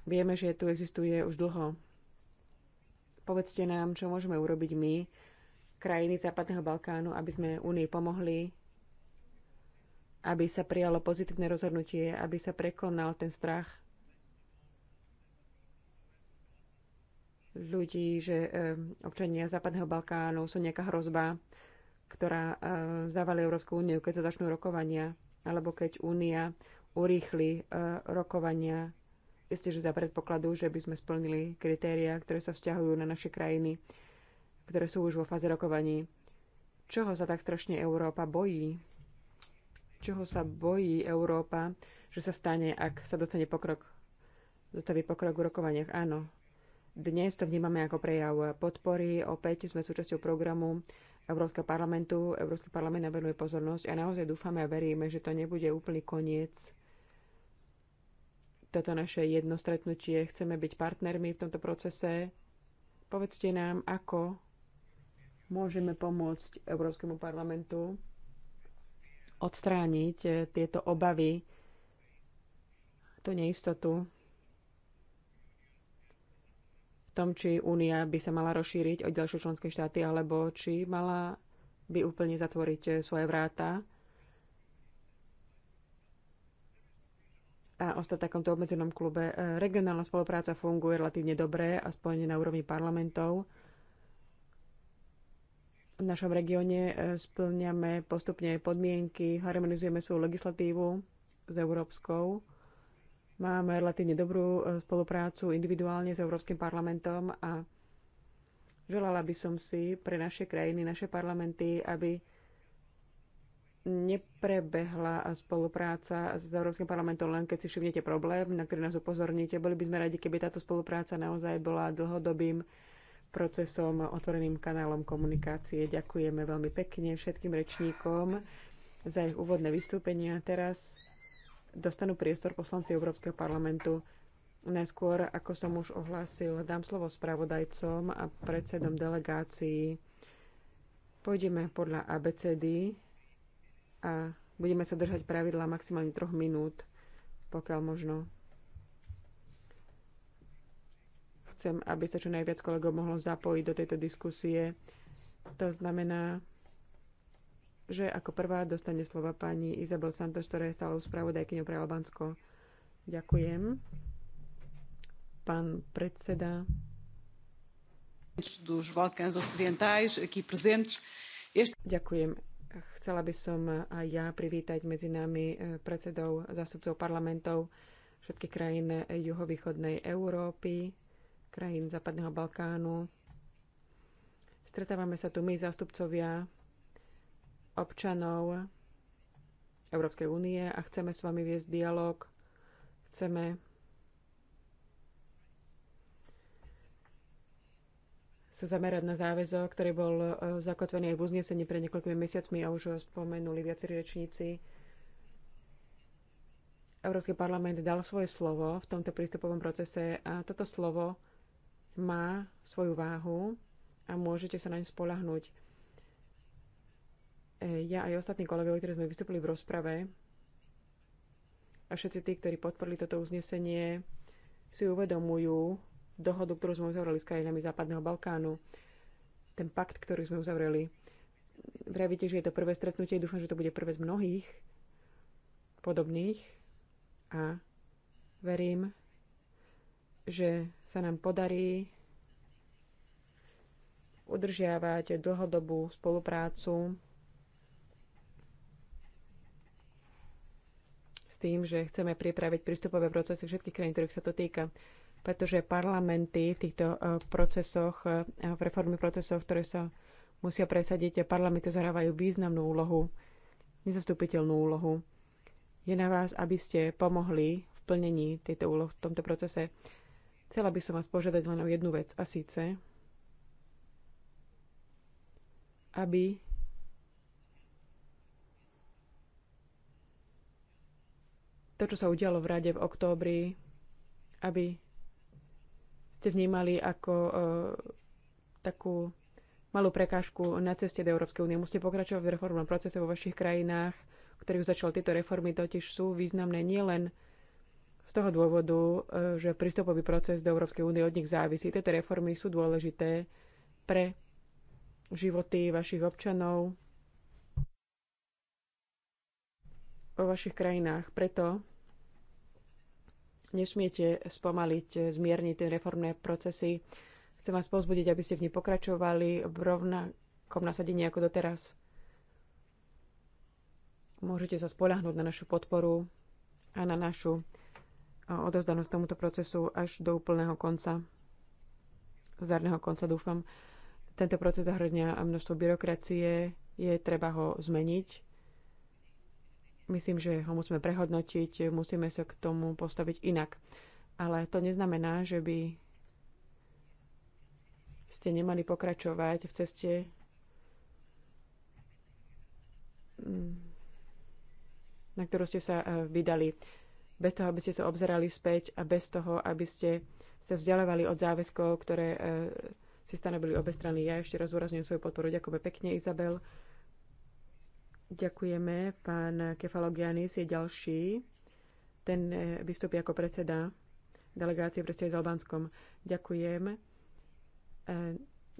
Vieme, že tu existuje už dlho. Povedzte nám, čo môžeme urobiť my, krajiny Západného Balkánu, aby sme Únii pomohli, aby sa prijalo pozitívne rozhodnutie, aby sa prekonal ten strach ľudí, že eh, občania Západného Balkánu sú nejaká hrozba, ktorá eh, zavali Európsku úniu, keď sa začnú rokovania, alebo keď únia urýchli eh, rokovania Isté, že za predpokladu, že by sme splnili kritériá, ktoré sa vzťahujú na naše krajiny, ktoré sú už vo fáze rokovaní. Čoho sa tak strašne Európa bojí? Čoho sa bojí Európa, že sa stane, ak sa dostane pokrok, zostaví pokrok v rokovaniach? Áno. Dnes to vnímame ako prejav podpory. Opäť sme súčasťou programu Európskeho parlamentu. Európsky parlament venuje pozornosť a naozaj dúfame a veríme, že to nebude úplný koniec toto naše jedno stretnutie. Chceme byť partnermi v tomto procese. Povedzte nám, ako môžeme pomôcť Európskemu parlamentu odstrániť eh, tieto obavy, tú neistotu v tom, či Únia by sa mala rozšíriť o ďalšie členské štáty, alebo či mala by úplne zatvoriť eh, svoje vráta a ostať v takomto obmedzenom klube. E, regionálna spolupráca funguje relatívne dobre, aspoň na úrovni parlamentov. V našom regióne e, splňame postupne podmienky, harmonizujeme svoju legislatívu s európskou. Máme relatívne dobrú e, spoluprácu individuálne s Európskym parlamentom a želala by som si pre naše krajiny, naše parlamenty, aby neprebehla spolupráca s Európskym parlamentom len keď si všimnete problém, na ktorý nás upozorníte. Boli by sme radi, keby táto spolupráca naozaj bola dlhodobým procesom, otvoreným kanálom komunikácie. Ďakujeme veľmi pekne všetkým rečníkom za ich úvodné vystúpenia. Teraz dostanú priestor poslanci Európskeho parlamentu. Najskôr, ako som už ohlásil, dám slovo spravodajcom a predsedom delegácií. Pôjdeme podľa ABCD a budeme sa držať pravidla maximálne troch minút, pokiaľ možno. Chcem, aby sa čo najviac kolegov mohlo zapojiť do tejto diskusie. To znamená, že ako prvá dostane slova pani Izabel Santos, ktorá je stále spravodajkyňou pre Albánsko. Ďakujem. Pán predseda. Ďakujem. Chcela by som aj ja privítať medzi nami e, predsedov zástupcov parlamentov všetkých krajín e, juhovýchodnej Európy, krajín Západného Balkánu. Stretávame sa tu my, zástupcovia občanov Európskej únie a chceme s vami viesť dialog. Chceme sa zamerať na záväzok, ktorý bol e, zakotvený aj v uznesení pre niekoľkými mesiacmi a už ho spomenuli viacerí rečníci. Európsky parlament dal svoje slovo v tomto prístupovom procese a toto slovo má svoju váhu a môžete sa naň spolahnuť. E, ja aj ostatní kolegovia, ktorí sme vystúpili v rozprave a všetci tí, ktorí podporili toto uznesenie, si uvedomujú, dohodu, ktorú sme uzavreli s krajinami Západného Balkánu, ten pakt, ktorý sme uzavreli. Vravíte, že je to prvé stretnutie, dúfam, že to bude prvé z mnohých podobných a verím, že sa nám podarí udržiavať dlhodobú spoluprácu s tým, že chceme pripraviť prístupové procesy všetkých krajín, ktorých sa to týka pretože parlamenty v týchto e, procesoch, e, v reformných procesoch, ktoré sa musia presadiť, parlamenty zahrávajú významnú úlohu, nezastupiteľnú úlohu. Je na vás, aby ste pomohli v plnení tejto úlohy v tomto procese. Chcela by som vás požiadať len o jednu vec, a síce, aby to, čo sa udialo v rade v októbri, aby ste vnímali ako uh, takú malú prekážku na ceste do Európskej únie. Musíte pokračovať v reformnom procese vo vašich krajinách, v ktorých začali tieto reformy, totiž sú významné nielen z toho dôvodu, eh, že prístupový proces do Európskej únie od nich závisí. Tieto reformy sú dôležité pre životy vašich občanov vo vašich krajinách. Preto nesmiete spomaliť, eh, zmierniť tie reformné procesy. Chcem vás pozbudiť, aby ste v nej pokračovali v rovnakom nasadení ako doteraz. Môžete sa spolahnuť na našu podporu a na našu eh, odozdanosť tomuto procesu až do úplného konca. Zdarného konca dúfam. Tento proces zahrňa množstvo byrokracie, je treba ho zmeniť Myslím, že ho musíme prehodnotiť, musíme sa k tomu postaviť inak. Ale to neznamená, že by ste nemali pokračovať v ceste mm, na ktorú ste sa e, vydali. Bez toho, aby ste sa obzerali späť a bez toho, aby ste sa vzdialovali od záväzkov, ktoré e, si stanovili obe strany. Ja ešte raz zúrazňujem svoju podporu. Ďakujem pekne, Izabel. Ďakujeme. Pán Kefalogianis je ďalší. Ten eh, vystúpi ako predseda delegácie pre s Albánskom. Ďakujem. Eh,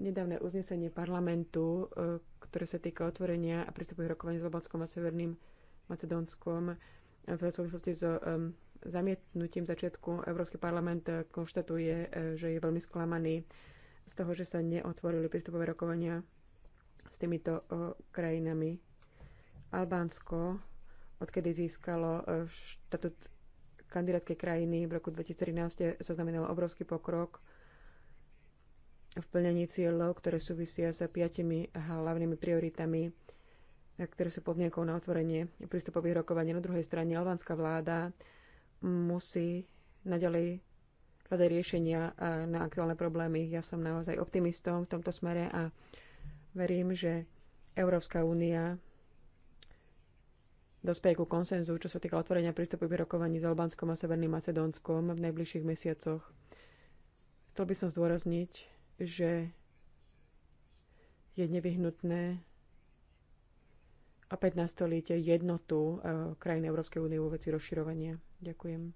nedávne uznesenie parlamentu, eh, ktoré sa týka otvorenia a prístupových rokovaní s Albánskom a Severným Macedónskom v súvislosti s zamietnutím začiatku Európsky parlament konštatuje, že je veľmi sklamaný z toho, že sa neotvorili prístupové rokovania s týmito krajinami Albánsko, odkedy získalo e, štatút kandidátskej krajiny v roku 2013, sa znamenal obrovský pokrok v plnení cieľov, ktoré súvisia s piatimi hlavnými prioritami, e, ktoré sú podmienkou na otvorenie prístupových rokovaní. Na druhej strane albánska vláda musí naďalej hľadať riešenia e, na aktuálne problémy. Ja som naozaj optimistom v tomto smere a verím, že Európska únia dospeje ku konsenzu, čo sa týka otvorenia prístupových rokovaní s Albánskom a Severným Macedónskom v najbližších mesiacoch. Chcel by som zdôrazniť, že je nevyhnutné opäť nastolíte jednotu e, krajín Európskej únie vo veci rozširovania. Ďakujem.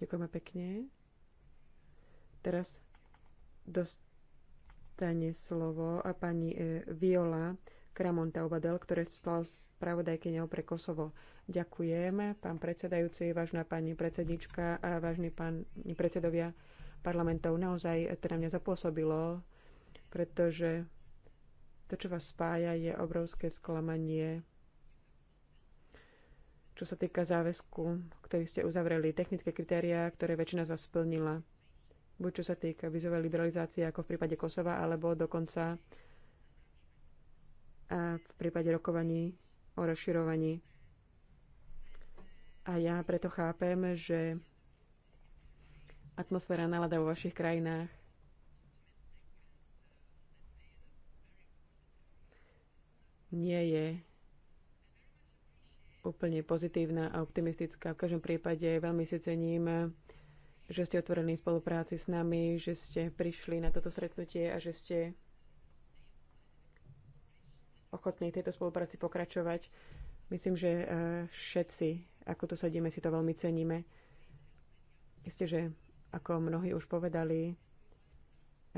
Ďakujeme pekne. Teraz dostane slovo a e, pani e, Viola Kramonta Obadel, ktorá stala spravodajkyňou pre Kosovo. Ďakujem, pán predsedajúci, vážna pani predsednička a vážni pán predsedovia parlamentov. Naozaj teda mňa zapôsobilo, pretože to, čo vás spája, je obrovské sklamanie, čo sa týka záväzku, ktorý ste uzavreli, technické kritériá, ktoré väčšina z vás splnila, buď čo sa týka vizovej liberalizácie, ako v prípade Kosova, alebo dokonca v prípade rokovaní o rozširovaní. A ja preto chápem, že atmosféra nalada vo vašich krajinách nie je úplne pozitívna a optimistická. V každom prípade veľmi si cením, že ste otvorení spolupráci s nami, že ste prišli na toto stretnutie a že ste ochotní tejto spolupráci pokračovať. Myslím, že e, všetci, ako tu sedíme, si to veľmi ceníme. Isté, že ako mnohí už povedali, e,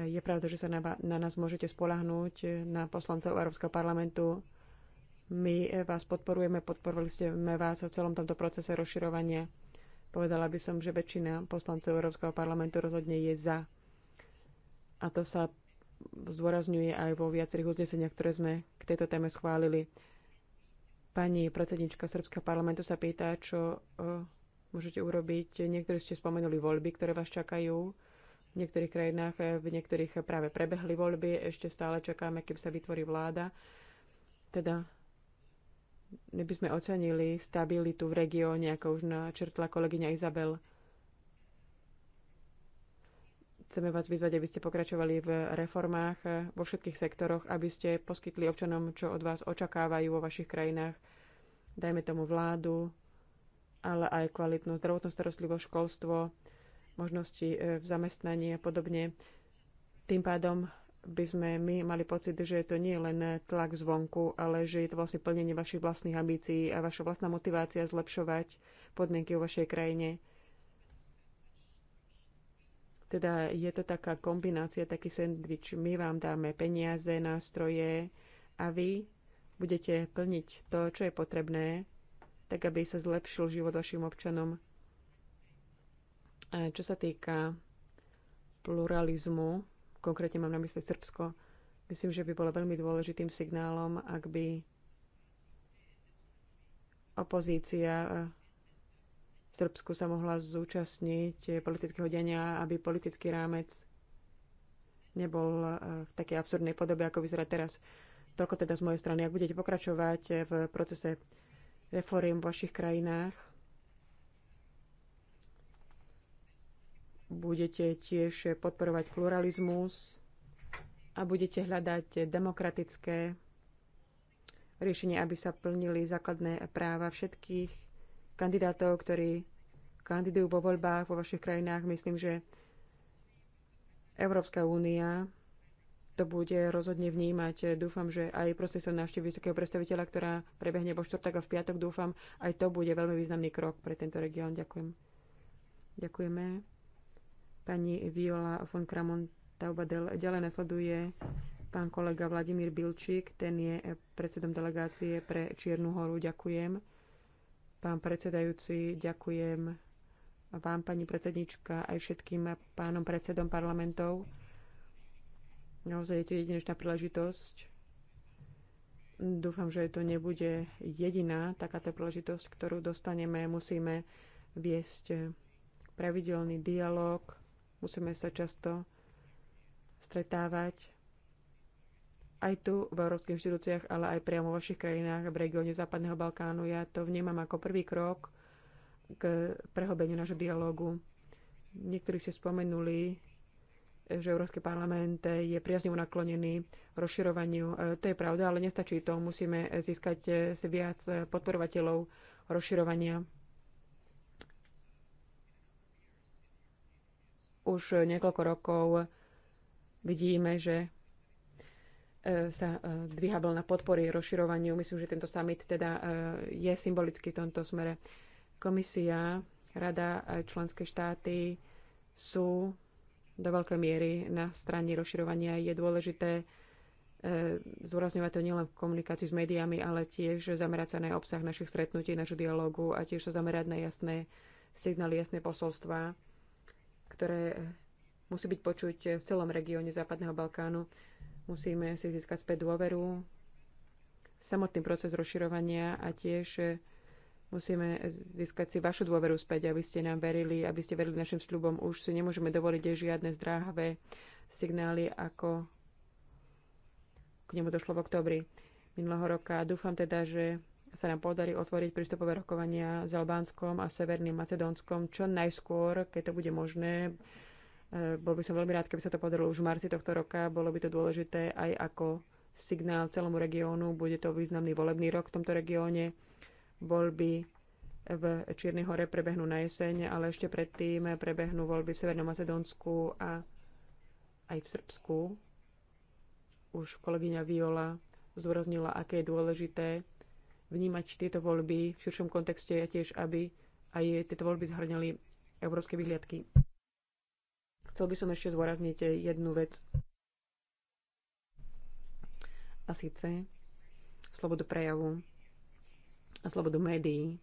je pravda, že sa na, na nás môžete spolahnúť, e, na poslancov Európskeho parlamentu. My vás podporujeme, podporovali sme vás v celom tomto procese rozširovania. Povedala by som, že väčšina poslancov Európskeho parlamentu rozhodne je za. A to sa zdôrazňuje aj vo viacerých uzneseniach, ktoré sme k tejto téme schválili. Pani predsednička Srbského parlamentu sa pýta, čo e, môžete urobiť. Niektorí ste spomenuli voľby, ktoré vás čakajú. V niektorých krajinách, e, v niektorých práve prebehli voľby. Ešte stále čakáme, kým sa vytvorí vláda. Teda by sme ocenili stabilitu v regióne, ako už načrtla kolegyňa Izabel. Chceme vás vyzvať, aby ste pokračovali v reformách vo všetkých sektoroch, aby ste poskytli občanom, čo od vás očakávajú vo vašich krajinách. Dajme tomu vládu, ale aj kvalitnú zdravotnú starostlivosť, školstvo, možnosti e, v zamestnaní a podobne. Tým pádom by sme my mali pocit, že to nie je len tlak zvonku, ale že je to vlastne plnenie vašich vlastných ambícií a vaša vlastná motivácia zlepšovať podmienky vo vašej krajine. Teda je to taká kombinácia, taký sendvič. My vám dáme peniaze, nástroje a vy budete plniť to, čo je potrebné, tak aby sa zlepšil život vašim občanom. A čo sa týka pluralizmu, konkrétne mám na mysle Srbsko, myslím, že by bolo veľmi dôležitým signálom, ak by opozícia Srbsku sa mohla zúčastniť politického denia, aby politický rámec nebol e, v takej absurdnej podobe, ako vyzerá teraz. Toľko teda z mojej strany. Ak budete pokračovať v procese reforiem v vašich krajinách, budete tiež podporovať pluralizmus a budete hľadať demokratické riešenie, aby sa plnili základné práva všetkých kandidátov, ktorí kandidujú vo voľbách vo vašich krajinách. Myslím, že Európska únia to bude rozhodne vnímať. Dúfam, že aj proste som návštev vysokého predstaviteľa, ktorá prebehne vo štvrtok a v piatok, dúfam, aj to bude veľmi významný krok pre tento región. Ďakujem. Ďakujeme. Pani Viola von Kramon Taubadel. Ďalej nasleduje pán kolega Vladimír Bilčík, ten je predsedom delegácie pre Čiernu horu. Ďakujem. Pán predsedajúci, ďakujem vám, pani predsednička, aj všetkým pánom predsedom parlamentov. Naozaj je to jedinečná príležitosť. Dúfam, že to nebude jediná takáto príležitosť, ktorú dostaneme. Musíme viesť pravidelný dialog, musíme sa často stretávať aj tu v európskych inštitúciách, ale aj priamo vo vašich krajinách v regióne Západného Balkánu. Ja to vnímam ako prvý krok k prehobeniu nášho dialógu. Niektorí ste spomenuli, že Európsky parlament je priazne naklonený rozširovaniu. E, to je pravda, ale nestačí to. Musíme získať e, si viac e, podporovateľov rozširovania. Už niekoľko rokov vidíme, že E, sa e, dvíha vlna podpory rozširovaniu. Myslím, že tento summit teda e, je symbolický v tomto smere. Komisia, rada, členské štáty sú do veľkej miery na strane rozširovania. Je dôležité zúrazňovať to nielen v komunikácii s médiami, ale tiež zamerať sa na obsah našich stretnutí, našu dialogu a tiež sa zamerať na jasné signály, jasné posolstva, ktoré musí byť počuť v celom regióne Západného Balkánu. Musíme si získať späť dôveru, samotný proces rozširovania a tiež eh, musíme získať si vašu dôveru späť, aby ste nám verili, aby ste verili našim sľubom. Už si nemôžeme dovoliť žiadne zdráhavé signály, ako k nemu došlo v oktobri minulého roka. Dúfam teda, že sa nám podarí otvoriť prístupové rokovania s Albánskom a Severným Macedónskom čo najskôr, keď to bude možné Eh, bol by som veľmi rád, keby sa to podarilo už v marci tohto roka. Bolo by to dôležité aj ako signál celému regiónu. Bude to významný volebný rok v tomto regióne. Voľby v Čiernej hore prebehnú na jeseň, ale ešte predtým prebehnú voľby v Severnom Macedónsku a aj v Srbsku. Už kolegyňa Viola zdôraznila, aké je dôležité vnímať tieto voľby v širšom kontexte a tiež, aby aj tieto voľby zhrňali európske vyhliadky. Chcel by som ešte zvorazniť jednu vec. A síce slobodu prejavu a slobodu médií.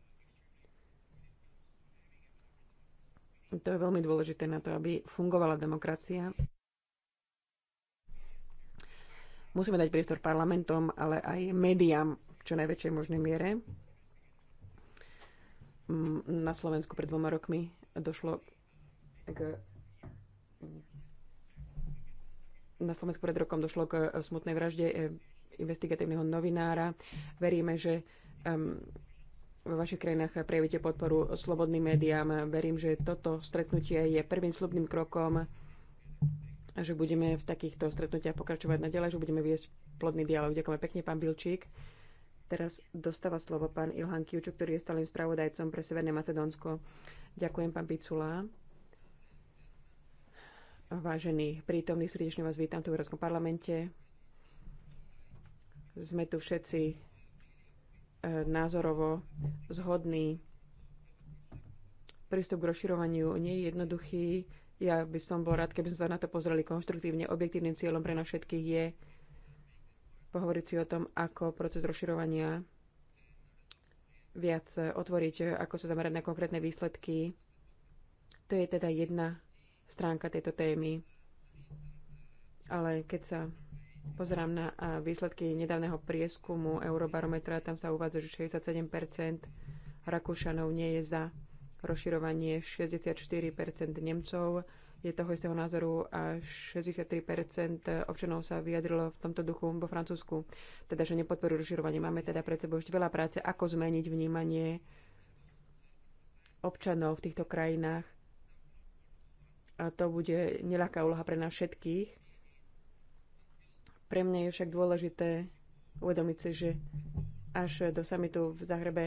To je veľmi dôležité na to, aby fungovala demokracia. Musíme dať priestor parlamentom, ale aj médiám v čo najväčšej možnej miere. Mm, na Slovensku pred dvoma rokmi došlo k na Slovensku pred rokom došlo k eh, smutnej vražde eh, investigatívneho novinára. Veríme, že ehm, vo vašich krajinách prejavíte podporu slobodným médiám. Verím, že toto stretnutie je prvým slubným krokom a že budeme v takýchto stretnutiach pokračovať naďalej, že budeme viesť plodný dialog. Ďakujeme pekne, pán Bilčík. Teraz dostáva slovo pán Ilhan Kiuču, ktorý je stálym spravodajcom pre Severné Macedónsko. Ďakujem, pán Picula. Vážení prítomní, srdečne vás vítam tu v Európskom parlamente. Sme tu všetci e, názorovo zhodní. Prístup k rozširovaniu nie je jednoduchý. Ja by som bol rád, keby sme sa na to pozreli konštruktívne. Objektívnym cieľom pre nás všetkých je pohovoriť si o tom, ako proces rozširovania viac otvoriť, ako sa zamerať na konkrétne výsledky. To je teda jedna stránka tejto témy. Ale keď sa pozerám na výsledky nedávneho prieskumu Eurobarometra, tam sa uvádza, že 67% Rakúšanov nie je za rozširovanie, 64% Nemcov je toho istého názoru a 63% občanov sa vyjadrilo v tomto duchu vo Francúzsku, teda že nepodporujú rozširovanie. Máme teda pred sebou ešte veľa práce, ako zmeniť vnímanie občanov v týchto krajinách a to bude neľahká úloha pre nás všetkých. Pre mňa je však dôležité uvedomiť si, že až do samitu v Zahrebe,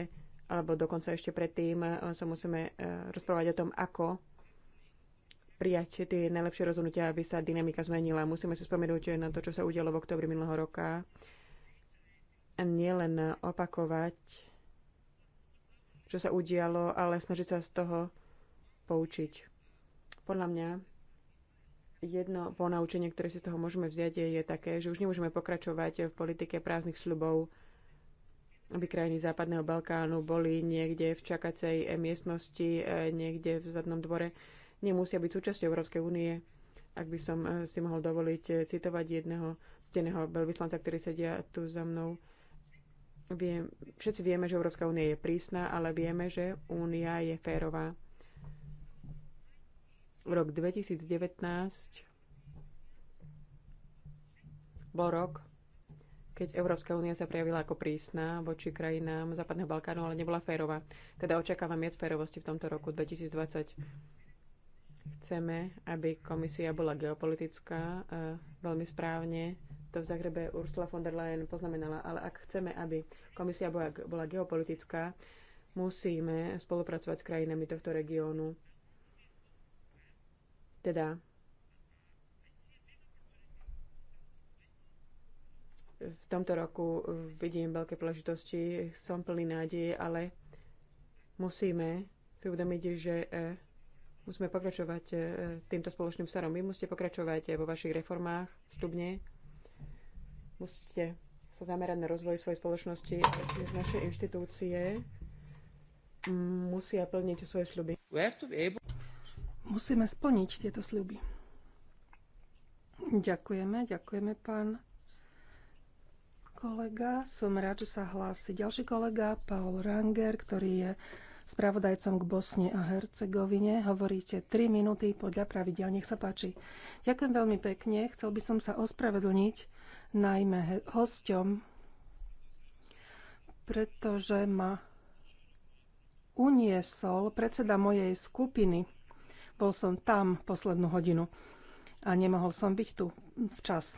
alebo dokonca ešte predtým, eh, sa musíme eh, rozprávať o tom, ako prijať tie najlepšie rozhodnutia, aby sa dynamika zmenila. Musíme si spomenúť na to, čo sa udialo v oktobri minulého roka. A nielen opakovať, čo sa udialo, ale snažiť sa z toho poučiť. Podľa mňa jedno ponaučenie, ktoré si z toho môžeme vziať, je, je také, že už nemôžeme pokračovať v politike prázdnych sľubov, aby krajiny Západného Balkánu boli niekde v čakacej eh, miestnosti, eh, niekde v zadnom dvore. Nemusia byť súčasťou Európskej únie. Ak by som eh, si mohol dovoliť citovať jedného steného veľvyslanca, ktorý sedia tu za mnou, Viem, všetci vieme, že Európska únia je prísna, ale vieme, že únia je férová Rok 2019 bol rok, keď Európska únia sa prejavila ako prísna voči krajinám Západného Balkánu, ale nebola férová. Teda očakávam viac férovosti v tomto roku 2020. Chceme, aby komisia bola geopolitická. Veľmi správne to v Zagrebe Ursula von der Leyen poznamenala, ale ak chceme, aby komisia bola, bola geopolitická, musíme spolupracovať s krajinami tohto regiónu teda v tomto roku vidím veľké príležitosti, som plný nádeje, ale musíme si uvedomiť, že e, musíme pokračovať e, týmto spoločným starom. Vy musíte pokračovať e, vo vašich reformách stupne. Musíte sa zamerať na rozvoj svojej spoločnosti naše inštitúcie musia plniť svoje sluby. Musíme splniť tieto sľuby. Ďakujeme, ďakujeme, pán kolega. Som rád, že sa hlási ďalší kolega, Paul Ranger, ktorý je spravodajcom k Bosne a Hercegovine. Hovoríte 3 minúty podľa pravidel. Nech sa páči. Ďakujem veľmi pekne. Chcel by som sa ospravedlniť najmä hosťom, pretože ma uniesol predseda mojej skupiny bol som tam poslednú hodinu a nemohol som byť tu včas.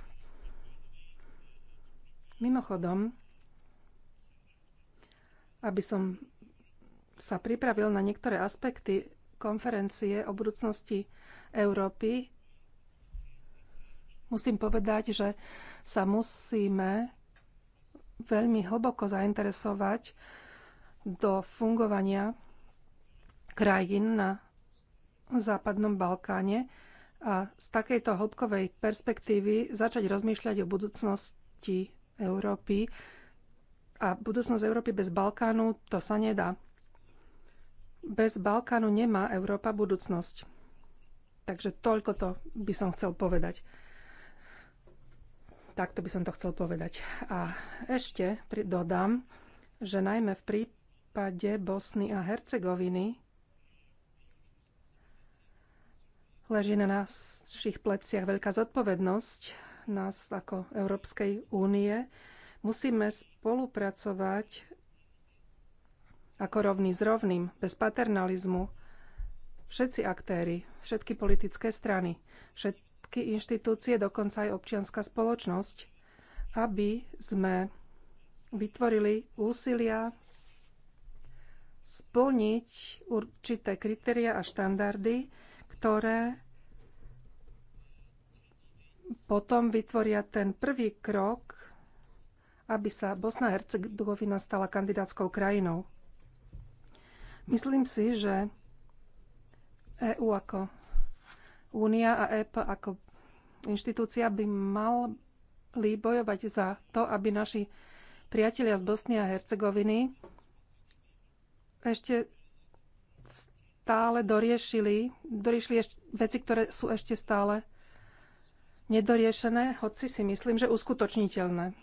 Mimochodom, aby som sa pripravil na niektoré aspekty konferencie o budúcnosti Európy, musím povedať, že sa musíme veľmi hlboko zainteresovať do fungovania krajín na západnom Balkáne a z takejto hĺbkovej perspektívy začať rozmýšľať o budúcnosti Európy. A budúcnosť Európy bez Balkánu to sa nedá. Bez Balkánu nemá Európa budúcnosť. Takže toľko to by som chcel povedať. Takto by som to chcel povedať. A ešte dodám, že najmä v prípade Bosny a Hercegoviny Leží na našich pleciach veľká zodpovednosť nás ako Európskej únie. Musíme spolupracovať ako rovný s rovným, bez paternalizmu. Všetci aktéry, všetky politické strany, všetky inštitúcie, dokonca aj občianská spoločnosť, aby sme vytvorili úsilia splniť určité kritéria a štandardy, ktoré potom vytvoria ten prvý krok, aby sa Bosna a Hercegovina stala kandidátskou krajinou. Myslím si, že EU ako Únia a EP ako inštitúcia by mali bojovať za to, aby naši priatelia z Bosny a Hercegoviny ešte stále doriešili, doriešili veci, ktoré sú ešte stále nedoriešené, hoci si myslím, že uskutočniteľné.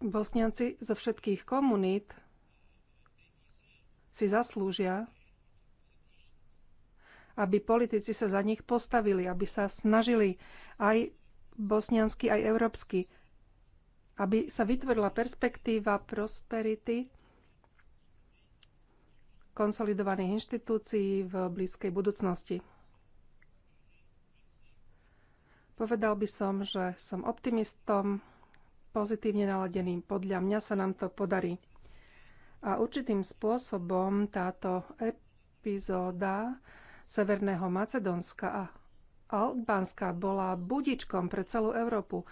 Bosnianci zo všetkých komunít si zaslúžia, aby politici sa za nich postavili, aby sa snažili aj bosniansky, aj európsky, aby sa vytvorila perspektíva prosperity konsolidovaných inštitúcií v blízkej budúcnosti. Povedal by som, že som optimistom, pozitívne naladeným. Podľa mňa sa nám to podarí. A určitým spôsobom táto epizóda Severného Macedónska a Albánska bola budičkom pre celú Európu.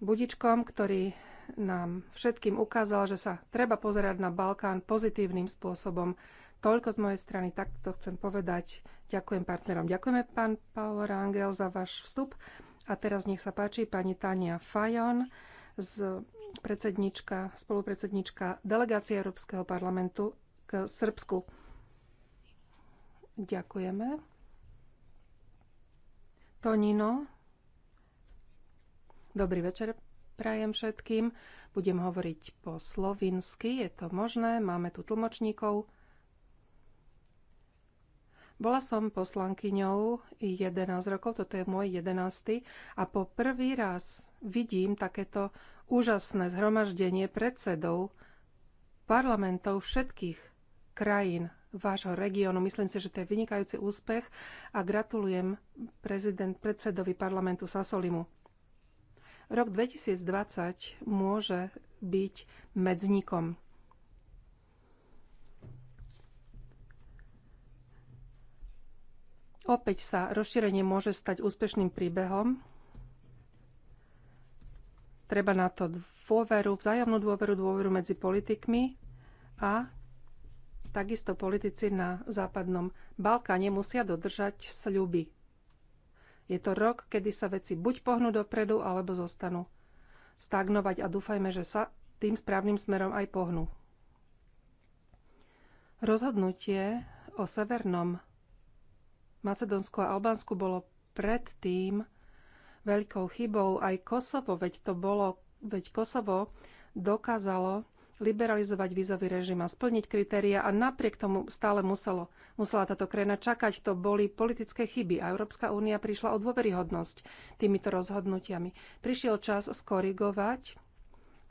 Budičkom, ktorý nám všetkým ukázala, že sa treba pozerať na Balkán pozitívnym spôsobom. Toľko z mojej strany, Tak to chcem povedať. Ďakujem partnerom. Ďakujeme, pán Paul Rangel, za váš vstup. A teraz nech sa páči pani Tania Fajon, z predsednička, spolupredsednička delegácie Európskeho parlamentu k Srbsku. Ďakujeme. Tonino. Dobrý večer, prajem všetkým. Budem hovoriť po slovinsky, je to možné, máme tu tlmočníkov. Bola som poslankyňou 11 rokov, toto je môj 11. A po prvý raz vidím takéto úžasné zhromaždenie predsedov parlamentov všetkých krajín vášho regiónu. Myslím si, že to je vynikajúci úspech a gratulujem prezident, predsedovi parlamentu Sasolimu. Rok 2020 môže byť medzníkom. Opäť sa rozšírenie môže stať úspešným príbehom. Treba na to dôveru, vzájomnú dôveru, dôveru medzi politikmi a takisto politici na západnom Balkáne musia dodržať sľuby. Je to rok, kedy sa veci buď pohnú dopredu, alebo zostanú stagnovať a dúfajme, že sa tým správnym smerom aj pohnú. Rozhodnutie o Severnom Macedónsku a Albánsku bolo predtým veľkou chybou. Aj Kosovo, veď to bolo, veď Kosovo dokázalo liberalizovať vízový režim a splniť kritéria a napriek tomu stále muselo, musela táto krajina čakať. To boli politické chyby a Európska únia prišla o dôveryhodnosť týmito rozhodnutiami. Prišiel čas skorigovať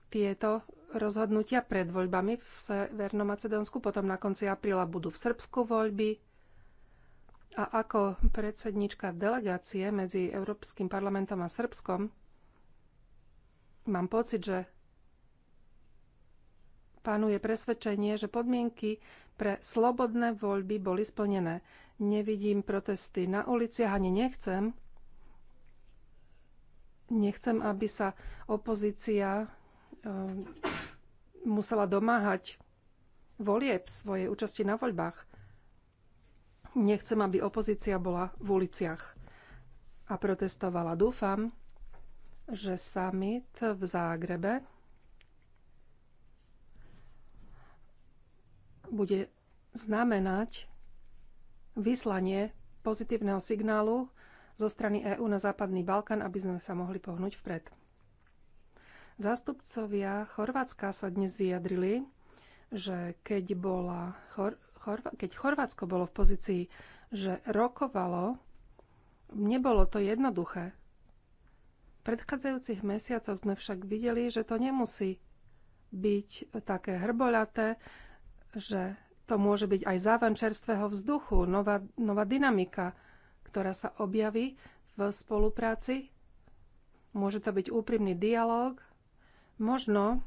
tieto rozhodnutia pred voľbami v Severnom Macedónsku, potom na konci apríla budú v Srbsku voľby, a ako predsednička delegácie medzi Európskym parlamentom a Srbskom mám pocit, že panuje presvedčenie, že podmienky pre slobodné voľby boli splnené. Nevidím protesty na uliciach, ani nechcem. Nechcem, aby sa opozícia eh, musela domáhať volieb svojej účasti na voľbách. Nechcem, aby opozícia bola v uliciach a protestovala. Dúfam, že summit v Zágrebe bude znamenať vyslanie pozitívneho signálu zo strany EÚ na Západný Balkán, aby sme sa mohli pohnúť vpred. Zástupcovia Chorvátska sa dnes vyjadrili, že keď, bola Chor- Chor- keď Chorvátsko bolo v pozícii, že rokovalo, nebolo to jednoduché. V predchádzajúcich mesiacoch sme však videli, že to nemusí byť také hrboľaté, že to môže byť aj závan čerstvého vzduchu, nová, nová dynamika, ktorá sa objaví v spolupráci. Môže to byť úprimný dialog. Možno,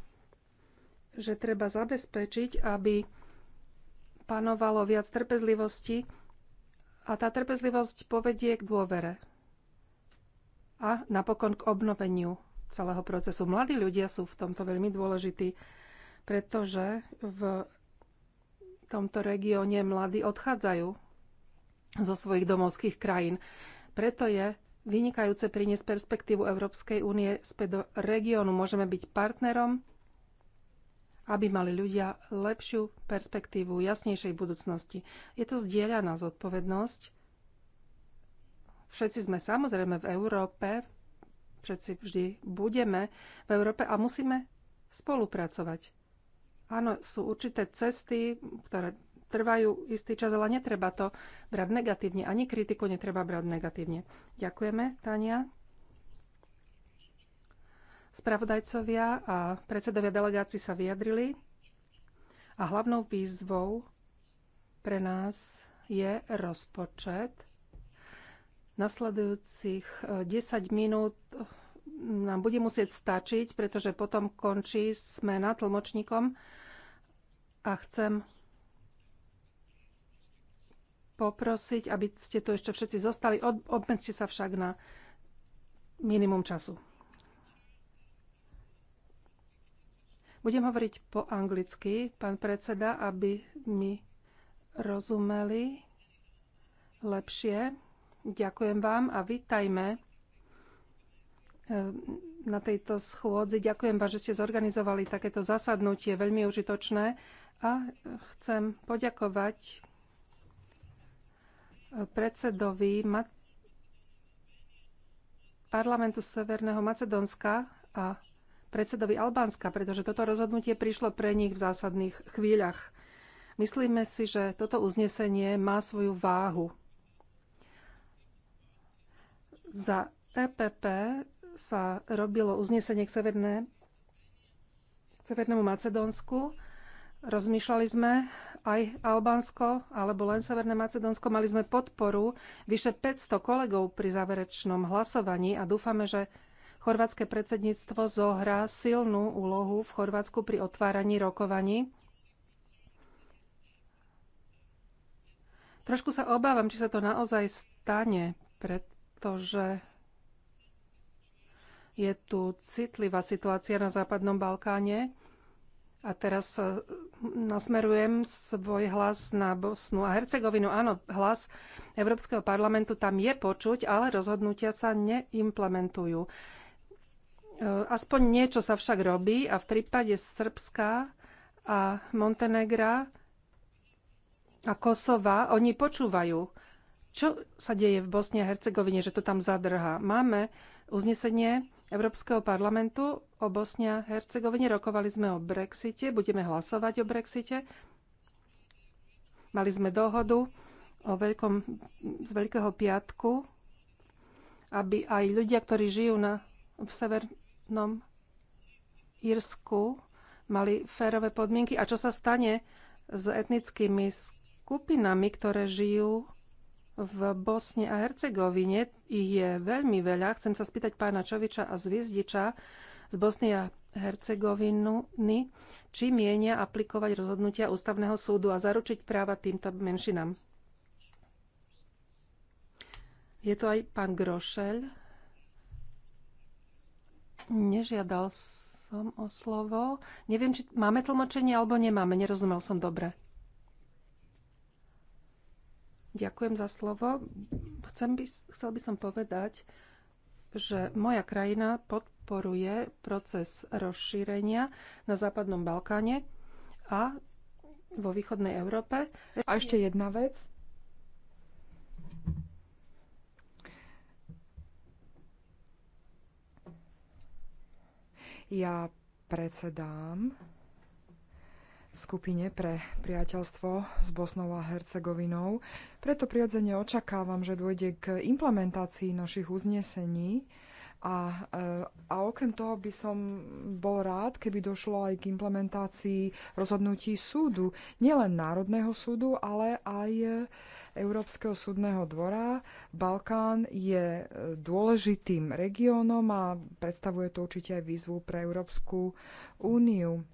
že treba zabezpečiť, aby panovalo viac trpezlivosti a tá trpezlivosť povedie k dôvere a napokon k obnoveniu celého procesu. Mladí ľudia sú v tomto veľmi dôležití, pretože v tomto regióne mladí odchádzajú zo svojich domovských krajín. Preto je vynikajúce priniesť perspektívu Európskej únie späť do regiónu. Môžeme byť partnerom, aby mali ľudia lepšiu perspektívu, jasnejšej budúcnosti. Je to zdieľaná zodpovednosť. Všetci sme samozrejme v Európe, všetci vždy budeme v Európe a musíme spolupracovať. Áno, sú určité cesty, ktoré trvajú istý čas, ale netreba to brať negatívne. Ani kritiku netreba brať negatívne. Ďakujeme, Tania. Spravodajcovia a predsedovia delegácií sa vyjadrili a hlavnou výzvou pre nás je rozpočet. Nasledujúcich 10 eh, minút eh, nám bude musieť stačiť, pretože potom končí sme na tlmočníkom a chcem poprosiť, aby ste tu ešte všetci zostali. Obmedzte sa však na minimum času. Budem hovoriť po anglicky, pán predseda, aby mi rozumeli lepšie. Ďakujem vám a vítajme eh, na tejto schôdzi. Ďakujem vám, že ste zorganizovali takéto zasadnutie, veľmi užitočné a chcem poďakovať eh, predsedovi parlamentu Severného Macedónska a predsedovi Albánska, pretože toto rozhodnutie prišlo pre nich v zásadných chvíľach. Myslíme si, že toto uznesenie má svoju váhu. Za EPP sa robilo uznesenie k, Severné, k Severnému Macedónsku Rozmýšľali sme aj Albánsko alebo len Severné Macedónsko. Mali sme podporu vyše 500 kolegov pri záverečnom hlasovaní a dúfame, že chorvátske predsedníctvo zohrá silnú úlohu v Chorvátsku pri otváraní rokovaní. Trošku sa obávam, či sa to naozaj stane, pretože je tu citlivá situácia na Západnom Balkáne a teraz e, nasmerujem svoj hlas na Bosnu a Hercegovinu. Áno, hlas Európskeho parlamentu tam je počuť, ale rozhodnutia sa neimplementujú. E, aspoň niečo sa však robí a v prípade Srbska a Montenegra a Kosova oni počúvajú, čo sa deje v Bosne a Hercegovine, že to tam zadrhá. Máme uznesenie Európskeho parlamentu o Bosnia a Hercegovine. Rokovali sme o Brexite, budeme hlasovať o Brexite. Mali sme dohodu o veľkom, z Veľkého piatku, aby aj ľudia, ktorí žijú na, v Severnom Írsku, mali férové podmienky. A čo sa stane s etnickými skupinami, ktoré žijú v Bosne a Hercegovine ich je veľmi veľa. Chcem sa spýtať pána Čoviča a Zvizdiča z Bosny a Hercegoviny, či mienia aplikovať rozhodnutia ústavného súdu a zaručiť práva týmto menšinám. Je to aj pán Grošel. Nežiadal som o slovo. Neviem, či máme tlmočenie alebo nemáme. Nerozumel som dobre. Ďakujem za slovo. Chcem by, chcel by som povedať, že moja krajina podporuje proces rozšírenia na Západnom Balkáne a vo východnej Európe. A ešte jedna vec. Ja predsedám skupine pre priateľstvo s Bosnou a Hercegovinou. Preto prirodzene očakávam, že dôjde k implementácii našich uznesení a, e, a okrem toho by som bol rád, keby došlo aj k implementácii rozhodnutí súdu, nielen Národného súdu, ale aj Európskeho súdneho dvora. Balkán je e, dôležitým regiónom a predstavuje to určite aj výzvu pre Európsku úniu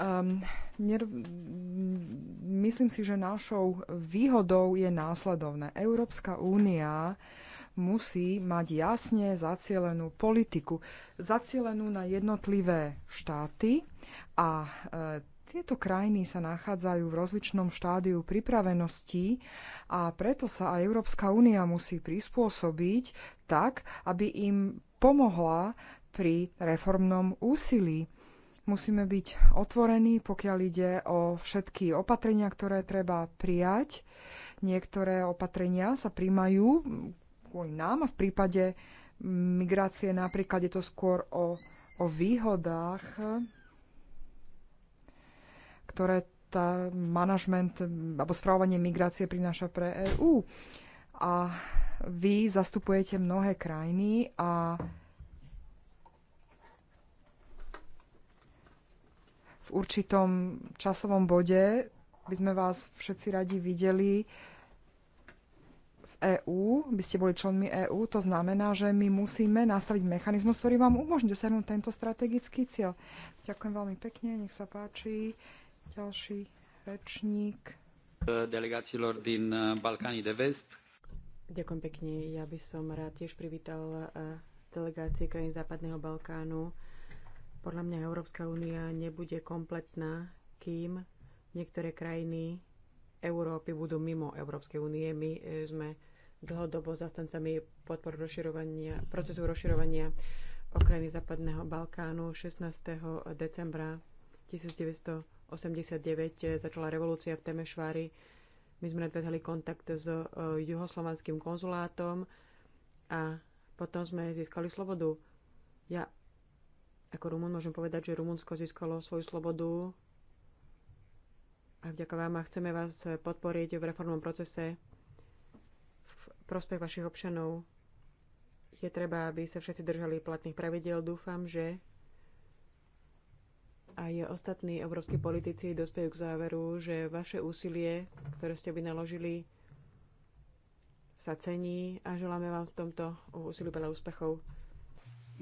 Um, ehm, ner- myslím si, že našou výhodou je následovné. Európska únia musí mať jasne zacielenú politiku, zacielenú na jednotlivé štáty a e, tieto krajiny sa nachádzajú v rozličnom štádiu pripravenosti a preto sa aj Európska únia musí prispôsobiť tak, aby im pomohla pri reformnom úsilí Musíme byť otvorení, pokiaľ ide o všetky opatrenia, ktoré treba prijať. Niektoré opatrenia sa príjmajú kvôli nám a v prípade migrácie napríklad je to skôr o, o výhodách, ktoré tá manažment alebo správanie migrácie prináša pre EÚ. A vy zastupujete mnohé krajiny a v určitom časovom bode by sme vás všetci radi videli v EÚ, by ste boli členmi EÚ, to znamená, že my musíme nastaviť mechanizmus, ktorý vám umožní dosiahnuť tento strategický cieľ. Ďakujem veľmi pekne, nech sa páči. Ďalší rečník. Delegáciilor din eh, Balkány de Vest. Ďakujem pekne. Ja by som rád tiež privítal eh, delegácie krajín Západného Balkánu podľa mňa Európska únia nebude kompletná, kým niektoré krajiny Európy budú mimo Európskej únie. My e, sme dlhodobo zastancami podporu rozširovania, procesu rozširovania okrajiny Západného Balkánu 16. decembra 1989 e, začala revolúcia v Temešvári. My sme nadviazali kontakt s e, juhoslovanským konzulátom a potom sme získali slobodu. Ja ako Rumun môžem povedať, že Rumunsko získalo svoju slobodu a vďaka vám a chceme vás podporiť v reformnom procese v prospech vašich občanov. Je treba, aby sa všetci držali platných pravidel. Dúfam, že aj ostatní európsky politici dospejú k záveru, že vaše úsilie, ktoré ste by naložili, sa cení a želáme vám v tomto úsilí veľa úspechov.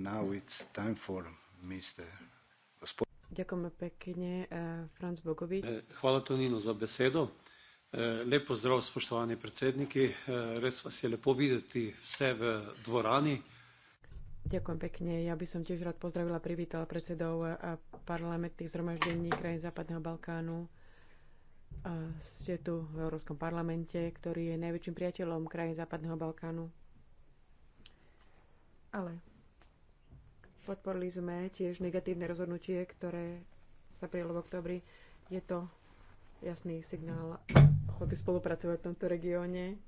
Now it's time for Ďakujeme pekne, eh, Franz Bogovič. Eh, Hvala Tonino za besedo. Eh, Lep pozdrav, spoštovani predsedniki. Res vas je lepo videti vse v dvorani. Ďakujem pekne. Ja by som tiež rád pozdravila, privítala predsedov parlamentných zhromaždení krajín Západného Balkánu. A ste tu v Európskom parlamente, ktorý je najväčším priateľom krajín Západného Balkánu. Ale Podporili sme tiež negatívne rozhodnutie, ktoré sa prijalo v oktobri. Je to jasný signál ochoty spolupracovať v tomto regióne.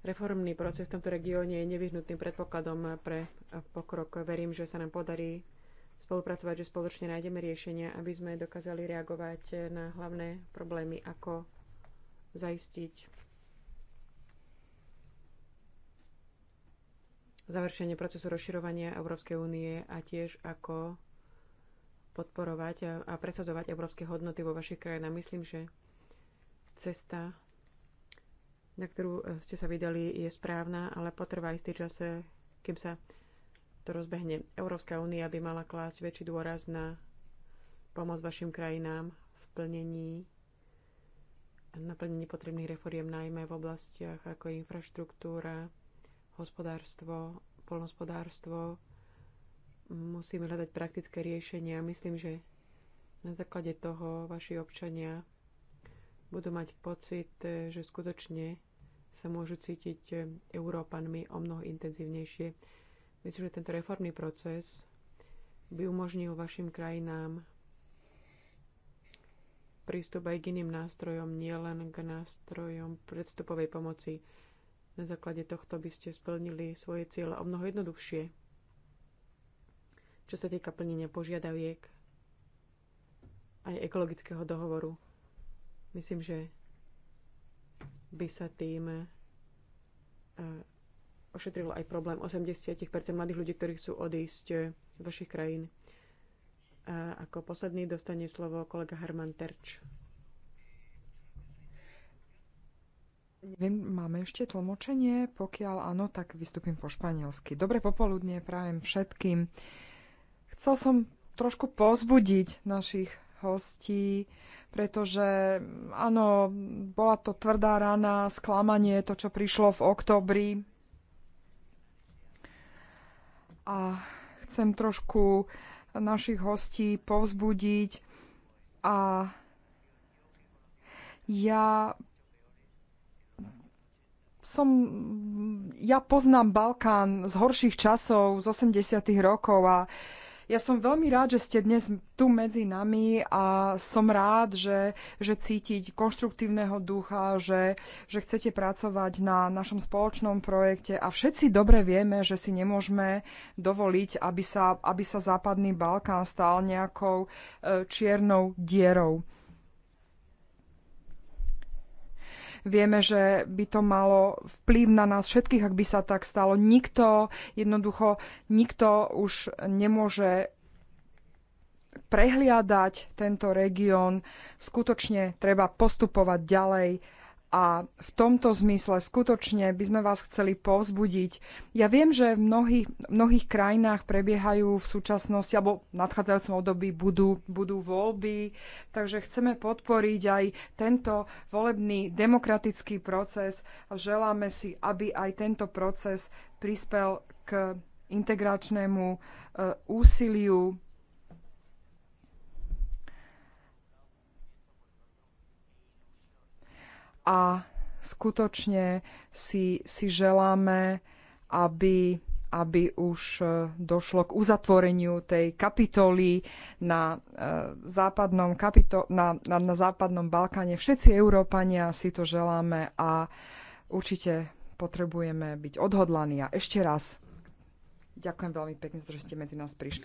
Reformný proces v tomto regióne je nevyhnutným predpokladom pre pokrok. Verím, že sa nám podarí spolupracovať, že spoločne nájdeme riešenia, aby sme dokázali reagovať na hlavné problémy, ako zaistiť završenie procesu rozširovania Európskej únie a tiež ako podporovať a presadzovať európske hodnoty vo vašich krajinách. Myslím, že cesta, na ktorú e, ste sa vydali, je správna, ale potrvá istý čas, e, kým sa to rozbehne. Európska únia by mala klásť väčší dôraz na pomoc vašim krajinám v plnení naplnení potrebných reforiem najmä v oblastiach ako infraštruktúra, hospodárstvo, polnospodárstvo. Musíme hľadať praktické riešenia. Myslím, že na základe toho vaši občania budú mať pocit, že skutočne sa môžu cítiť Európanmi o mnoho intenzívnejšie. Myslím, že tento reformný proces by umožnil vašim krajinám prístup aj k iným nástrojom, nielen k nástrojom predstupovej pomoci. Na základe tohto by ste splnili svoje cieľe o mnoho jednoduchšie. Čo sa týka plnenia požiadaviek aj ekologického dohovoru, myslím, že by sa tým e, ošetril aj problém 80% mladých ľudí, ktorí chcú odísť e, z vašich krajín. A ako posledný dostane slovo kolega Herman Terč. Neviem, máme ešte tlmočenie? Pokiaľ áno, tak vystúpim po španielsky. Dobre popoludne prajem všetkým. Chcel som trošku pozbudiť našich hostí, pretože áno, bola to tvrdá rana, sklamanie, to, čo prišlo v oktobri. A chcem trošku našich hostí povzbudiť a ja som, ja poznám Balkán z horších časov, z 80 rokov a ja som veľmi rád, že ste dnes tu medzi nami a som rád, že, že cítiť konštruktívneho ducha, že, že chcete pracovať na našom spoločnom projekte a všetci dobre vieme, že si nemôžeme dovoliť, aby sa, aby sa Západný Balkán stal nejakou e, čiernou dierou Vieme, že by to malo vplyv na nás všetkých, ak by sa tak stalo. Nikto, jednoducho, nikto už nemôže prehliadať tento región. Skutočne treba postupovať ďalej a v tomto zmysle skutočne by sme vás chceli povzbudiť. Ja viem, že v mnohých, mnohých krajinách prebiehajú v súčasnosti, alebo v nadchádzajúcom období budú, budú voľby, takže chceme podporiť aj tento volebný demokratický proces a želáme si, aby aj tento proces prispel k integračnému e, úsiliu a skutočne si, si želáme, aby, aby už e, došlo k uzatvoreniu tej kapitoly na, e, západnom, kapito- na, na, na západnom Balkáne. Všetci Európania si to želáme a určite potrebujeme byť odhodlaní. A ešte raz ďakujem veľmi pekne, že ste medzi nás prišli.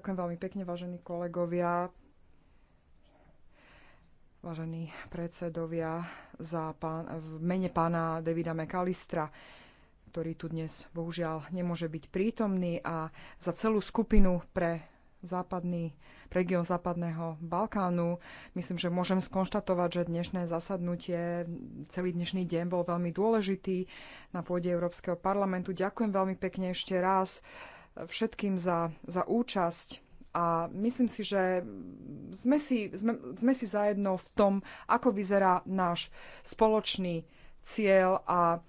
Ďakujem veľmi pekne, vážení kolegovia vážení predsedovia, za pán, v mene pána Davida McAllistra, ktorý tu dnes bohužiaľ nemôže byť prítomný a za celú skupinu pre západný región západného Balkánu. Myslím, že môžem skonštatovať, že dnešné zasadnutie, celý dnešný deň bol veľmi dôležitý na pôde Európskeho parlamentu. Ďakujem veľmi pekne ešte raz všetkým za, za účasť a myslím si, že sme si, sme, sme si zajedno v tom, ako vyzerá náš spoločný cieľ a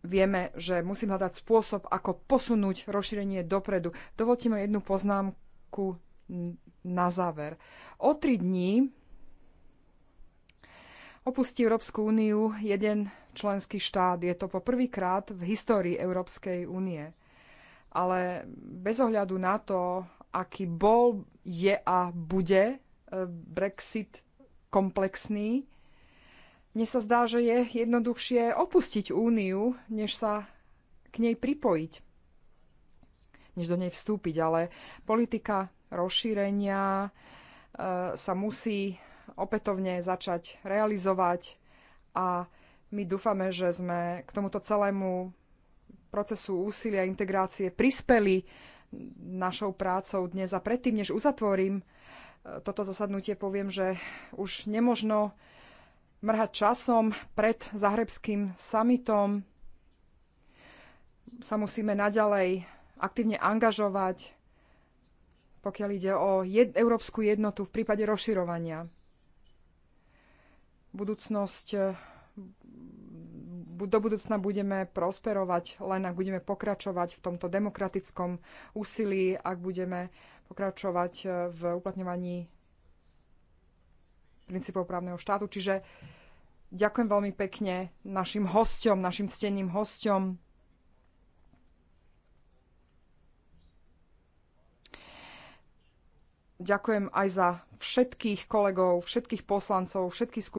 vieme, že musím hľadať spôsob, ako posunúť rozšírenie dopredu. Dovolte mi jednu poznámku na záver. O tri dní opustí Európsku úniu jeden členský štát. Je to poprvýkrát v histórii Európskej únie. Ale bez ohľadu na to, aký bol, je a bude e, Brexit komplexný. Mne sa zdá, že je jednoduchšie opustiť úniu, než sa k nej pripojiť, než do nej vstúpiť. Ale politika rozšírenia e, sa musí opätovne začať realizovať a my dúfame, že sme k tomuto celému procesu úsilia integrácie prispeli našou prácou dnes. A predtým, než uzatvorím e, toto zasadnutie, poviem, že už nemožno mrhať časom pred zahrebským samitom. Sa musíme naďalej aktívne angažovať, pokiaľ ide o jed- európsku jednotu v prípade rozširovania. Budúcnosť do budúcna budeme prosperovať, len ak budeme pokračovať v tomto demokratickom úsilí, ak budeme pokračovať e, v uplatňovaní princípov právneho štátu. Čiže ďakujem veľmi pekne našim hostom, našim cteným hostom. Ďakujem aj za všetkých kolegov, všetkých poslancov, všetkých skupín.